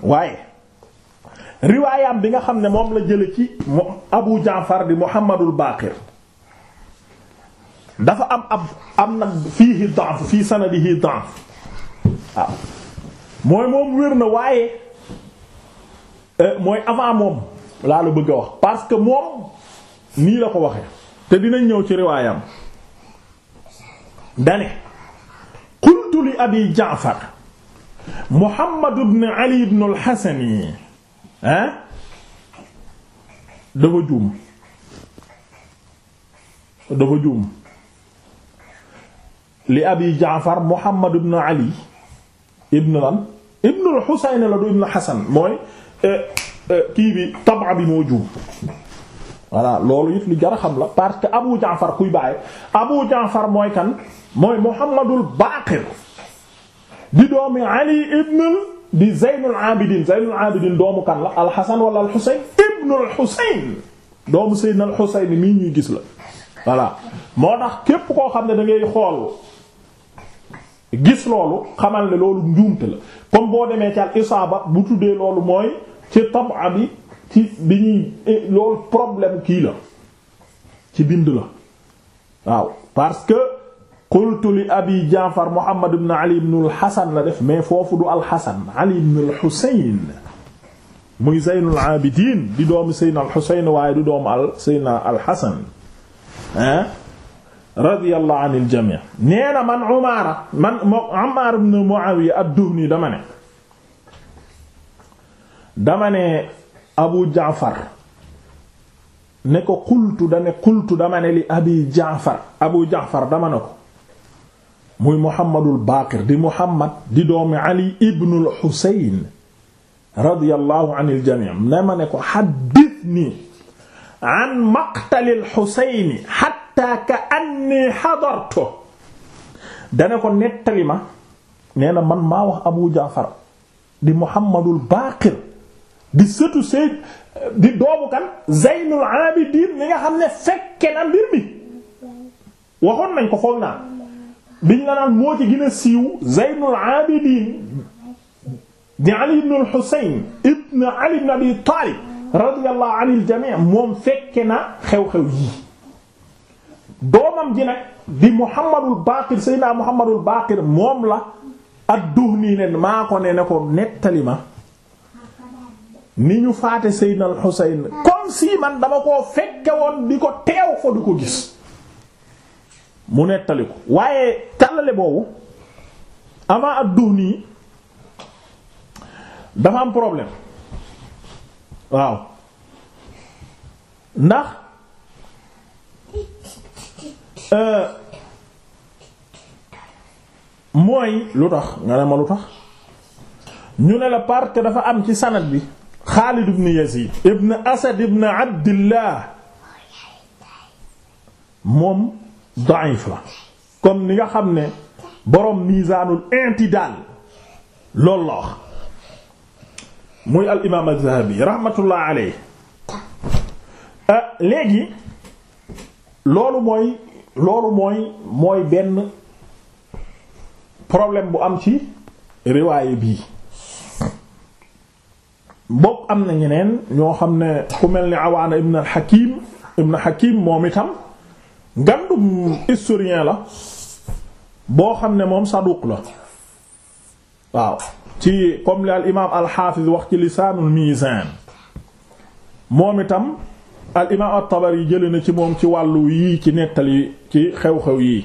waaye riwaayam bi nga xam ne moom la jële ci Abu Jaafar di Muhammadul Baaqir dafa am ab am nag fiihi da'f fii sanadihi da'f waaw mooy moom wér na waaye eh, mooy avant moom laa la bëgg a wax parce que moom nii la ko waxee te dinañ ñëw ci riwaayam dane qultu li abi jaafar muhammad ibn ali ibn al-hasan yi ah dafa juum dafa juum li abi jaafar muhammad ibn ali ibn lan ibn al la du ibn xasan mooy eh, eh, kii bi tabaa bi moo juum loolu it lu jar a xam la parce que abu jaafar kuy bàyyi abu jaafar mooy kan mooy muhammadul baaqir di doomi ali ibn di zeynul abidin zeynul abidin doomu kan la al xasan wala al xuseyn ibnul xuseyn doomu seydina al xuseyn ñuy gis la voilà moo tax képp koo xam ne dangay xool gis loolu xamal ne loolu njuumte la comme boo demee ci al isaaba bu tuddee loolu mooy ci tab'a bi ci bi ñuy eh, loolu problème kii la ci bind la waaw parce que qultu li abi jaafar muhammad ibn ali ibn al hasan la def mais foofu du al hasan ali ibn al husayn muy zeynul abidin di doomi seydna al husayn waaye du doomu al al hasan hein radiyallahu anil jami' nee na man Umaara man Ammaar ibn Muawiya ad-Duhni dama ne dama ne Abu Jaafar ne ko qultu dane qultu dama ne li Abi Jaafar Abu Jaafar dama ne ko muy Muhammadul Baaqir di Muhammad di doomi Ali ibnul Husayn radiyallahu anil jami' ne ma ne ko haddithni an maqtalil Husayn hatta ka anni dana ko nettali ma nee na man maa wax Abu Jaafar di Muhammadul Baaqir di sëtu Seyd di doomu kan Zaynul Abidin mi nga ne fekke na mbir mi waxoon nañ ko xool naa biñ la naan moo ci gën siiw Zaynul di Ali ibn al-Husayn ibn Ali ibn Abi Talib radiyallahu anil jami' moom fekke na xew-xew yi doomam ji nag di Muhammadul Baqir Seydina Muhammadul Baqir moom la ad-Duhni ne maa ko ne ne ko nettali ma ni ñu faate Seydina al-Husayn comme si dama koo fekke woon di ko teew fa di ko gis mu nettali ko waaye tallale boobu amaa ad-Duhni dafa am problème waaw ndax Euh, mooy lu tax nga ne ma lu tax ñu ne la parce que dafa am ci sanad bi Xaalid ibn Yazid ibn Asad ibn Abdillah moom da'if la comme ni nga xam ne boroom miisaanul i'tidaal loolu la wax muy al imaam az-Zahabi euh, léegi loolu mooy loolu mooy mooy benn problème bu am ci riwaaye bii bopp am na ñeneen ñoo xam ne ku mel ni awaana ibn al hakim ibn hakim moom itam ngandum historien la boo xam ne moom saduq la waaw ci comme li al imaam al hafiz wax ci lisaanul mizan moom itam al imaam at-Tabari jëlee na ci moom ci wàllu yii ci nettali ci xew-xew yii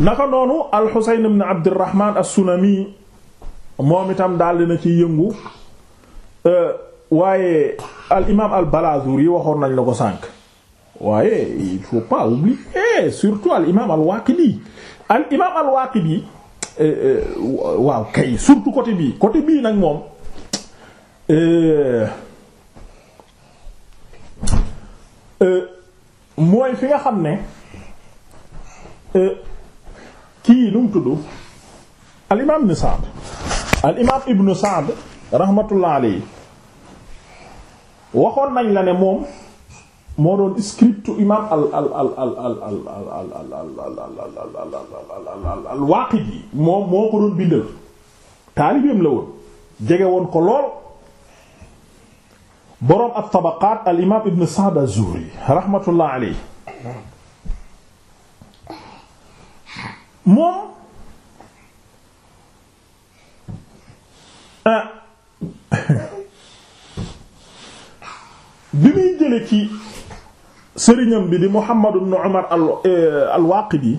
naka noonu al-Husayn ibn Abdurrahman as-Sulami moom itam daldi na ciy yëngu euh, waaye al imaam al-Balazuri waxoon nañ la ko sànq waaye il faut pas oublier surtout al imaam al-Waqidi al imaam al-Waqidi euh, euh, waaw kay surtout côté bii côté bii nag moom. mooy fi nga xam ne kii nu mu tudd al imaam ibn Sa'd al imaam ibn Sa'd rahmatullah alayhi waxoon nañ la ne moom moo doon scriptu imaam al al al al al al al Waaqidi moom moo ko doon bindal taalibeem la woon jege woon ko lool. boroom at-Tabaqaat al imaam Ibn Sa'd az-Zuhri rahmatullah alayhi moom ah, bi muy jële ci sëriñam bi di Muhammad ibn Umar eh, al-Waaqidi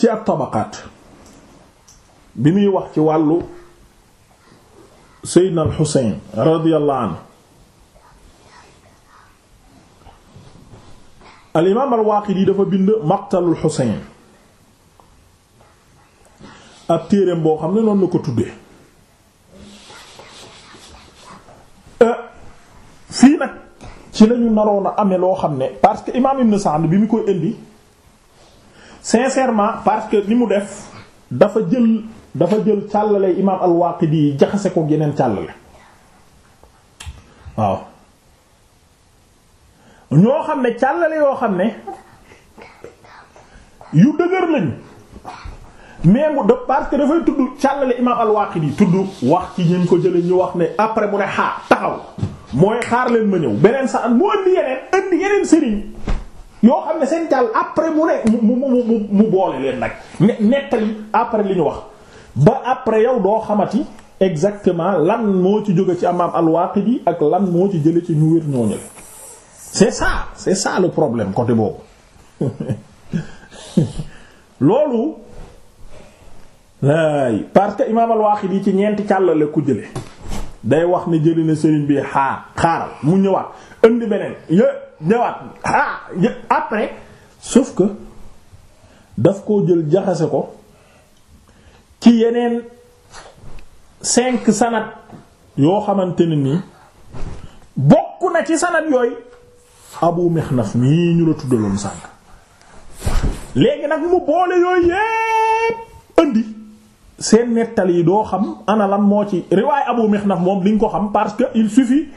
ci at tabaqaat bi muy wax ci wàllu Seydina al Xuseyn radiyallahu al imaam al Waaqidi dafa bind maqtalul Xuseyn ab téereem boo xam ne noonu la ko tuddee euh, fii nag ci lañu naroon a amee loo xam ne parce que imaam Ibn Sa'd bi mu koy indi sincèrement parce que ni mu def dafa jël dafa jël càllale imaam al-Waaqidi yi jaxase ko yeneen càllale waaw ñoo xam ne càllale yoo xam ne yu dëgër lañu mais mu de parce que dafay tudd càllale imaam al-Waaqidi tudd wax ci ñeen ko jële ñu wax ne après mu ne xaar taxaw mooy xaar leen ma ñëw beneen sa mu indi yeneen indi yeneen sëriñ yoo xam ne seen jàll après mu ne mu mu mu mu boole leen nag nettali après li ñu wax ba après yow doo xamati exactement lan moo ci jóge ci imaam al-Waaqidi ak lan moo ci jële ci ñu wér ñooñu c'est ça c'est ça le problème côté boobu loolu ay parce que imaam al-Waaqidi ci ñeenti la ku jële day wax ne jëli na sëriñ bi xaar xaaral mu ñëwaat indi beneen yë ñëwaat ah après sauf que daf koo jël jaxase ko ci yeneen cinq sanad yoo xamante ne nii bokk na ci sanad yooyu Abu Mixnaf mii ñu la tuddaloon sànk léegi nag mu boole yooyu yépp indi seen nettali yi doo xam ana lan moo ci riwaay Abu Mixnaf moom liñ ko xam parce que il suffit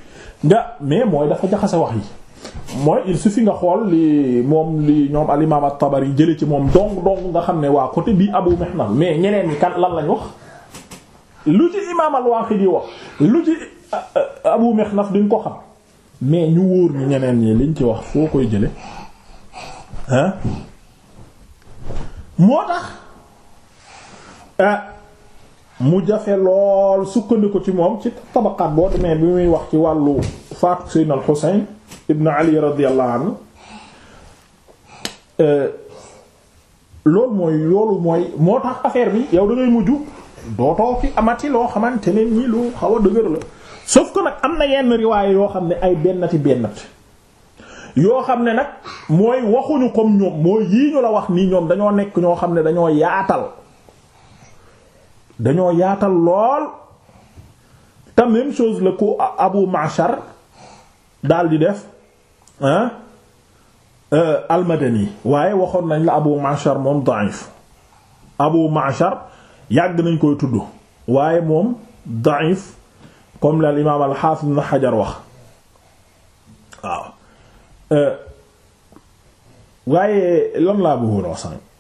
nga mais mooy dafa jaxase wax yi mooy il suffit nga xool li moom li ñoom al imam at-Tabari jële ci moom dong dong nga xam ne waa côté bii Abu Mihnan mais ñeneen ñi kan lan lañ wax lu ci imaam al-Waaqidi wax lu ci euh, Abu Mixnaf duñ ko xam mais ñu wóor ñu ñeneen ñi liñ ci wax foo koy jële hein moo tax euh, mu jafe lool sukkandiku ci moom ci tabaqaat boo demee bi muy wax ci wàllu faatu seydna al xuseyn ibn ali radiyallahu anhu euh, loolu mooy loolu mooy moo tax affaire bi yow da ngay mujj dootoo fi amati loo xamante ne nii lu xaw a dëgër la sauf que nag am na yenn riwaay yoo xam ne ay bennati bennat yoo xam ne nag mooy waxuñu comme ñoom mooy yii ñu la wax nii ñoom dañoo nekk ñoo xam ne dañoo yaatal dañoo yaatal lool te même chose la ko Abu Ma'shar daal di def ah almadani waaye waxoon nañ la Abu Ma'shar moom da'if Abu Ma'shar yàgg nañ koy tudd waaye moom da'if comme la imaam al-Hafiz Ibn wax waaw euh, waaye lan laa bëggoon wax sànq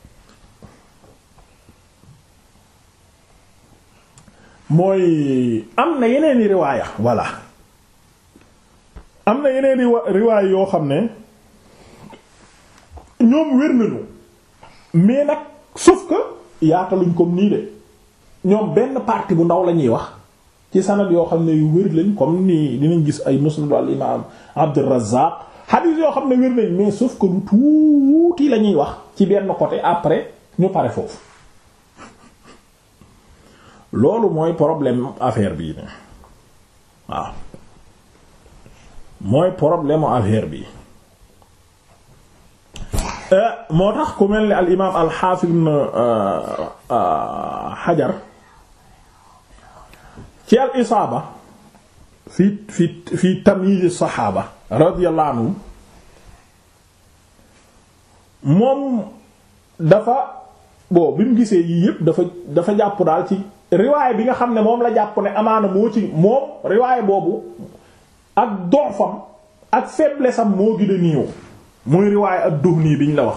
mooy am na yeneen i riwaaya voilà am na yeneen i yoo xam ne ñoom wér nañu mais nag sauf que yaataluñ comme nii de ñoom benn partie bu ndaw la ñuy wax ci sanad yoo xam ne yu wér lañ comme nii dinañ gis ay musnad al imaam Abdurrazzaq hadith yoo xam ne wér nañ mais suuf que lu tuuti la ñuy wax ci benn côté après ñu pare foofu. loolu mooy problème affaire bii nii waaw mooy problème affaire bi euh, moo tax ku mel ni al imaam al xaafis ibn xajar euh, euh, ci al isaaba fi fi fi tamyiz saxaaba radiyallahu anhum moom dafa boo bi mu gisee yii yépp dafa dafa jàpp daal ci riwaay bi nga xam ne moom la jàpp ne amaana moo ci moom riwaay boobu ak doofam ak faiblesse am moo gën a néew muy riwaay ad-Duhni biñ la wax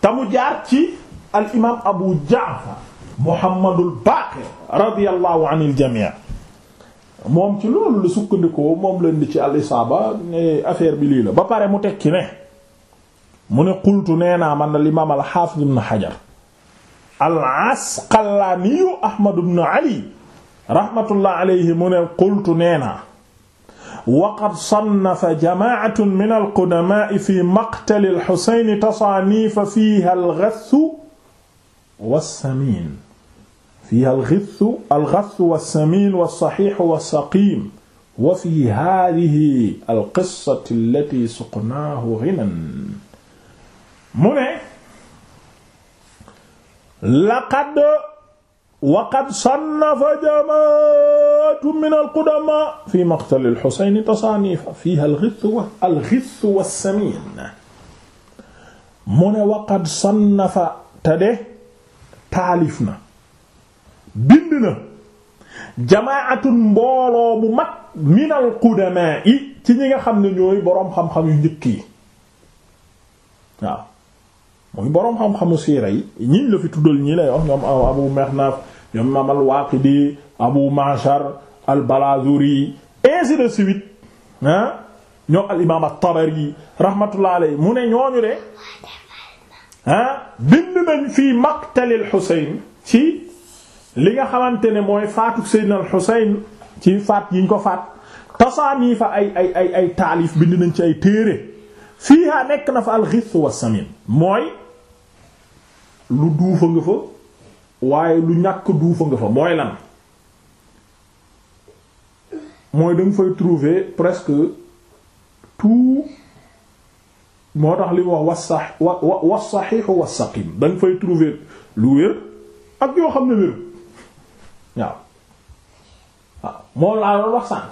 te mu jaar ci al imaam Abu Ja'far Muhammadul Baqir radiyallahu anil jami' moom ci loolu la sukkandikoo moom leen di ci al isaaba ne affaire bi lii la ba pare mu tekki ne mu ne qultu nee naa man al imaam al Hafiz ibn Hajar al asqalaaniyu ahmad ibn ali rahmatullah alayhi mu ne qultu nee naa waqad sannafa jamaacatun min alqudamaai fi maqtali alxusayn tasaaniifa fiiha algasu wassamiin fiiha algasu algasu wassamiin wassaxiix wassaqiim wa fi haadihi alqissati allatii suqnaahu ginan mu ne laqad waqad sannafa jamaatu min alqudama fi maqtali alxusayn tasaanifa fiiha alxith wassamiin mu ne waqad sannafa te de taalif na bind na jamaatun mbooloo bu mag min alqudamaa i ci ñi nga xam ne ñooy boroom xam-xam yu njëkk yi waaw mooy boroom xam-xamu siira yi ñiñ la fi tuddal ñii lay wax ñoom abu mehnaf ñoom imaam al-Waaqidi abu ma'shar al-Balaazuri ainsi de suite ah ñoom al imaam at-Tabari rahmatullah mu ne ñooñu de ah bind nañ fii maqtalil Xuseyn ci li nga xamante ne mooy faatu Seydina al-Xuseyn ci faat yiñ ko faat tasaanii fa ay ay ay ay taalif bind nañ ci ay téere fiiha nekk na fa al-ghith wa samin mooy lu duufa nga fa waaye lu ñàkk duufa nga fa mooy lan mooy da nga fay trouver presque tout moo tax li mu wax wa wa wa saxiixu wa saqim da fay trouver lu wér ak yoo xam ne wér waaw waaw laa doon wax sànq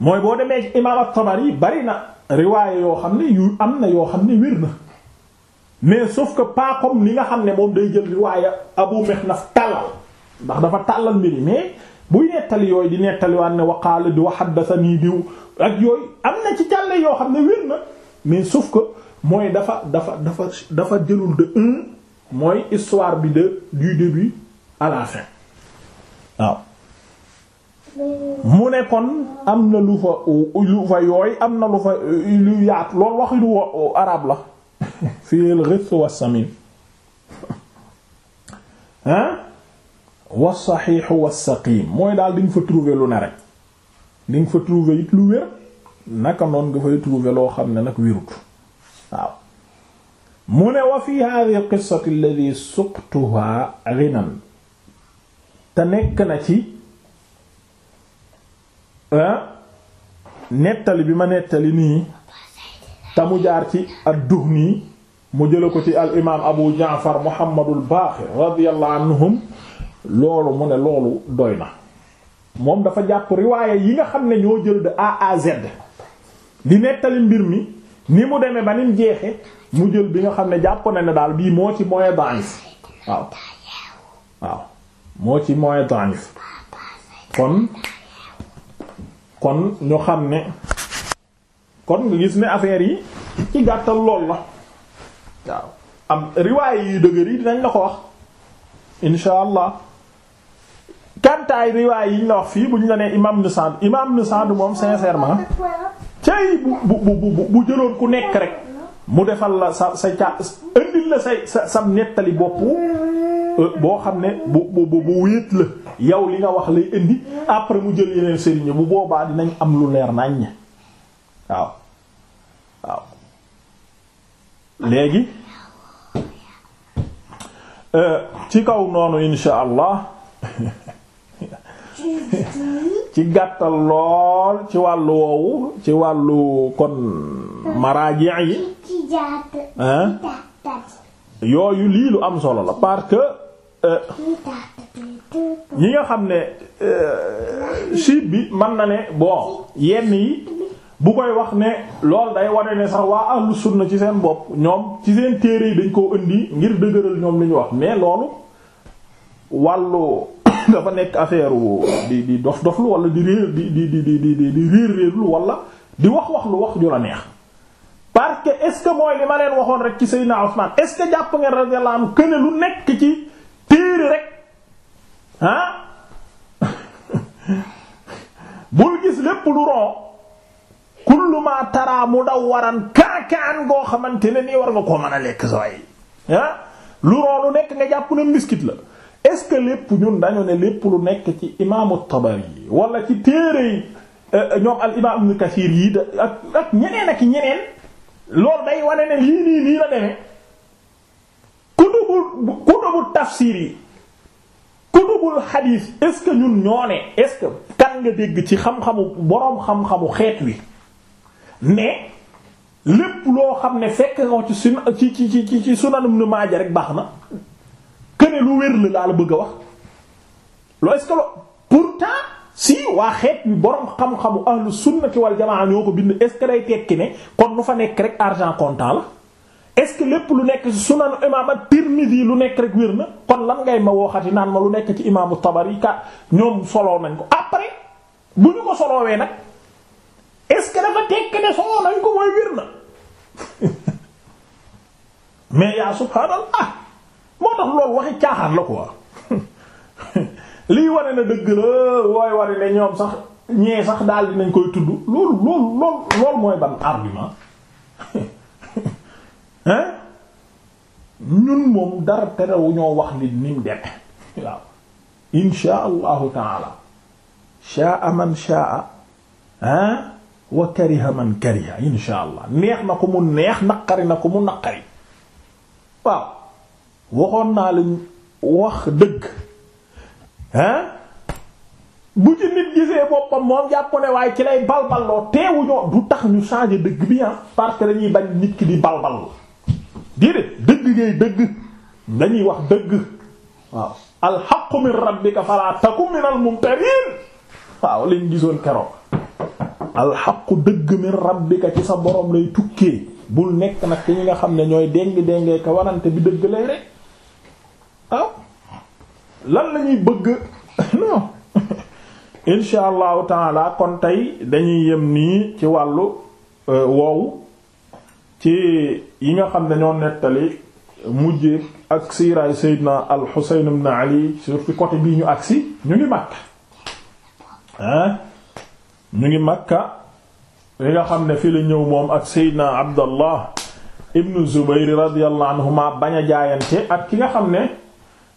mooy boo demee ci imaam at-Tabari bari na riwaaye yoo xam ne yu am na yoo xam ne wér na. mais sauf que pas comme li nga xam ne moom day jël riwaaya Abu Mikhnaf tàllal ndax dafa tàllal mbiri mais buy nettali yooyu di nettaliwaat ne waqaala di wa haddathanii diw ak yooyu am na ci jàlle yoo xam ne wér na mais sauf que mooy dafa dafa dafa dafa jëlul de un mooy histoire bi de du début à la fin waaw mu ne am na lu fa lu fa yooy am na lu fa lu yaatu loolu waxi lu la fii al-ghith wa samin ah wa sahih wa saqim mooy daal di nga fa trouver lu ne rek di nga fa trouver it lu wér naka noon nga fay trouver loo xam ne nag wérut waaw mu ne wa fi hadhihi al-qissati alladhi suqtuha ghinan te nekk na ci nettali bi ma nettali nii te jaar ci ad-Duhni mu jëla ko ci al imaam Abu Jaafar Muhammadul Baaxir radiyallahu anhum loolu mu ne loolu doy na moom dafa jàpp riwaaya yi nga xam ne ñoo jël de A di nettali mbir mi ni mu demee ba ni jeexe mu jël bi nga xam ne jàpp na ne daal bii moo ci moyen da'if waaw waaw moo ci moyen da'if kon kon ñu xam ne kon nga gis ne affaire yi ci gàttal lool la waaw am riwaay yu dëgër yi dinañ la ko wax insha allah kantaay riwaay yiñ la wax fii bu ñu la nee imam Ibn Sa'd imam Ibn Sa'd moom sincèrement cay bu bu bu bu jëloon ku nekk rek mu defal la sa sa ca indil la say sa sa nettali bopp euh, boo xam ne bu bu bu wéet la yow li nga wax lay indi après mu jël yeneen sëriñ bu boobaa dinañ am lu leer nañ waaw waaw léegi euh, ci kaw noonu insha allah ci gàttal lool ci wàllu woowu ci wàllu kon maraaji yi yooyu lii lu am solo la parce que yi euh, nga xam ne euh, siit bi mën na ne bon yenn yi bu koy wax ne loolu day wane ne sax waa ahlu na ci seen bopp ñoom ci seen téere yi dañ koo indi ngir dëgëral ñoom li ñu wax mais loolu wàllu dafa nekk affaire di di dof doflu wala di réer di di di di di réer réerlu wala di wax wax lu wax ju la neex parce que est-ce que mooy li ma leen waxoon rek ci Seydina Ousmane est-ce que jàpp nga radiyallahu këne lu nekk ci téere rek ah bul gis lépp lu ron kullu ma tara mudawwaran kaakaan goo xamante ne nii war nga koo mën a lekk sa waay ah? lu roolu nekk nga jàppu ne miskit la est-ce que lépp ñun dañu ne lépp lu nekk ci imaamu Tabari wala ci téere yi eh, ñoom al imaam Ibn Kathir yi ak ak ñeneen ak ñeneen loolu day wane ne lii nii la demee kutubu kutubu tafsir yi kutubul xadiis est que ñun ñoo ne est-ce que kan nga dégg ci xam-xamu boroom xam-xamu xeet wi mais lépp loo xam ne fekk nga ko ci sun ci ci ci ci Sunan Ibn Maaja rek baax na këne lu wér la laa la bëgg a wax loo est-ce que temps si waa xeet bi boroom xam-xamu ahlu sunnati wal jamaa ñoo ko bind est-ce que day tekki ne kon lu fa nekk rek argent comptant la est-ce que lépp lu nekk ci sunan imaam at-Tirmidhi lu nekk rek wér na kon lan ngay ma waxati naan ma lu nekk ci imaamu Tabari ka ñoom soloo nañ ko après bu ñu ko solowee nag est-ce que dafa tekk ne solo nañ ko mooy wér na mais yaa subhaanallah moo tax loolu waxi caaxaan la quoi lii wane na dëgg la wooy wane ne ñoom sax ñee sax daal dinañ koy tudd loolu loolu lool loolu mooy ban argument hein ñun moom dara terewu ñoo wax nit ni mu deme waaw insha allahu taala shaa man shaa hein wa kariha man kariha insha neex na ko mu neex naqari na ko mu naqari waaw waxoon naa la wax dëgg hein bu ci nit gisee boppam moom jàpp ne waaye ci lay balballoo teewu ñoo du tax ñu changer dëgg bi ah parce que dañuy bañ nit ki di balbal déedéet dëgg ngay dëgg dañuy wax dëgg waaw alxaqu min rabbika fala takum min al waaw liñ gisoon keroog alxaqu dëgg min rabbika ci sa borom lay tukkee bul nekk nag ci ñi nga xam ne ñooy déng déngee ka warante bi dëgg lay rek waaw lan lañuy bëgg non insha allahu taala kon tey dañuy yem nii ci wàllu euh, woowu ci yi nga xam ne ñoo nettali mujjee ak siiraay Seydina al Xuseyn Ali surtout côté bii ñu agsi ñu ngi Makka mu ngi Makka li nga xam ne fi la ñëw moom ak Seydina Abdallah ibnu Zubayr radiyallahu bañ a jaayante ak ki nga xam ne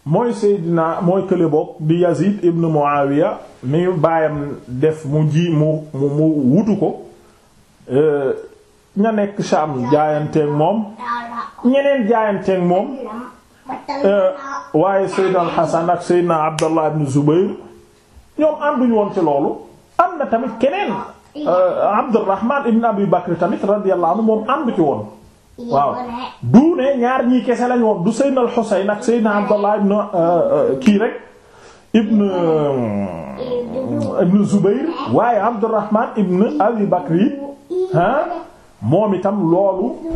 mooy Seydina mooy kële bokk di Yazid ibnu Muawiya mi baayam def mu ji mu mu wutu ko e, ña nekk Sham jaayanteeg moom ñeneen jaayanteeg moom e, waaye Seydina Al Hasan ak Seydina Abdallah ibnu Zubayr ñoom ànduñu woon ci loolu am na tamit keneen euh, Abdurrahman ibn Abi Bakr tamit radiyallahu anhu moom ànd ci woon waaw du ne ñaar ñii kese lañ woon du Seydina al-Husayn ak Seydina Abdallah ibn euh, euh, kii rek ibn waaye Abdurrahman ibn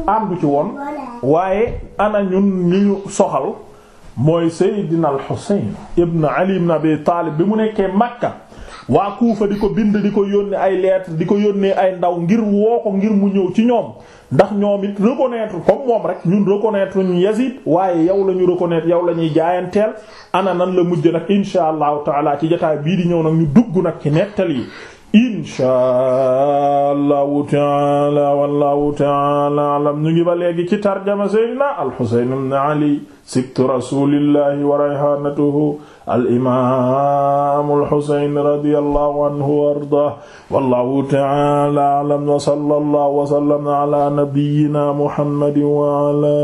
Abi ci woon waaye ana ñun ñi ñu mooy Seydina al-Husayn ibn Ali ibn Abi Talib bi mu nekkee Makka waa Kuufa di ko bind di ko yónnee ay lettres di ko yónnee ay ndaw ngir woo ko ngir mu ñëw ci ñoom ndax ñoom it reconnaître comme moom rek ñun reconnaître ñu Yazid waaye yow la ñu reconnaître yow la ñuy jaayanteel ana nan la mujj nag insha allahu taala ci jotaay bii di ñëw nag ñu dugg nag ci nettal yi insha allahu taala wallahu taala alam ñu ngi léegi ci tarjama Seydina al-Husayn ibn Ali sibtu rasulillahi wa rayhanatuhu al imaamul Husayn radiyallahu anhu wa ardaah wallahu ta'ala a'lam wa sallallahu wa sallam ala nabiyyina Muhammadin wa ala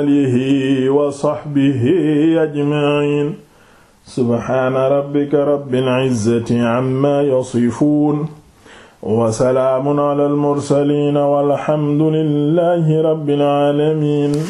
alihi wa sahbihi ajma'in subhana rabbika rabbil izzati amma yasifun wa salaamun ala al mursalin walhamdulillahi rabbil alamin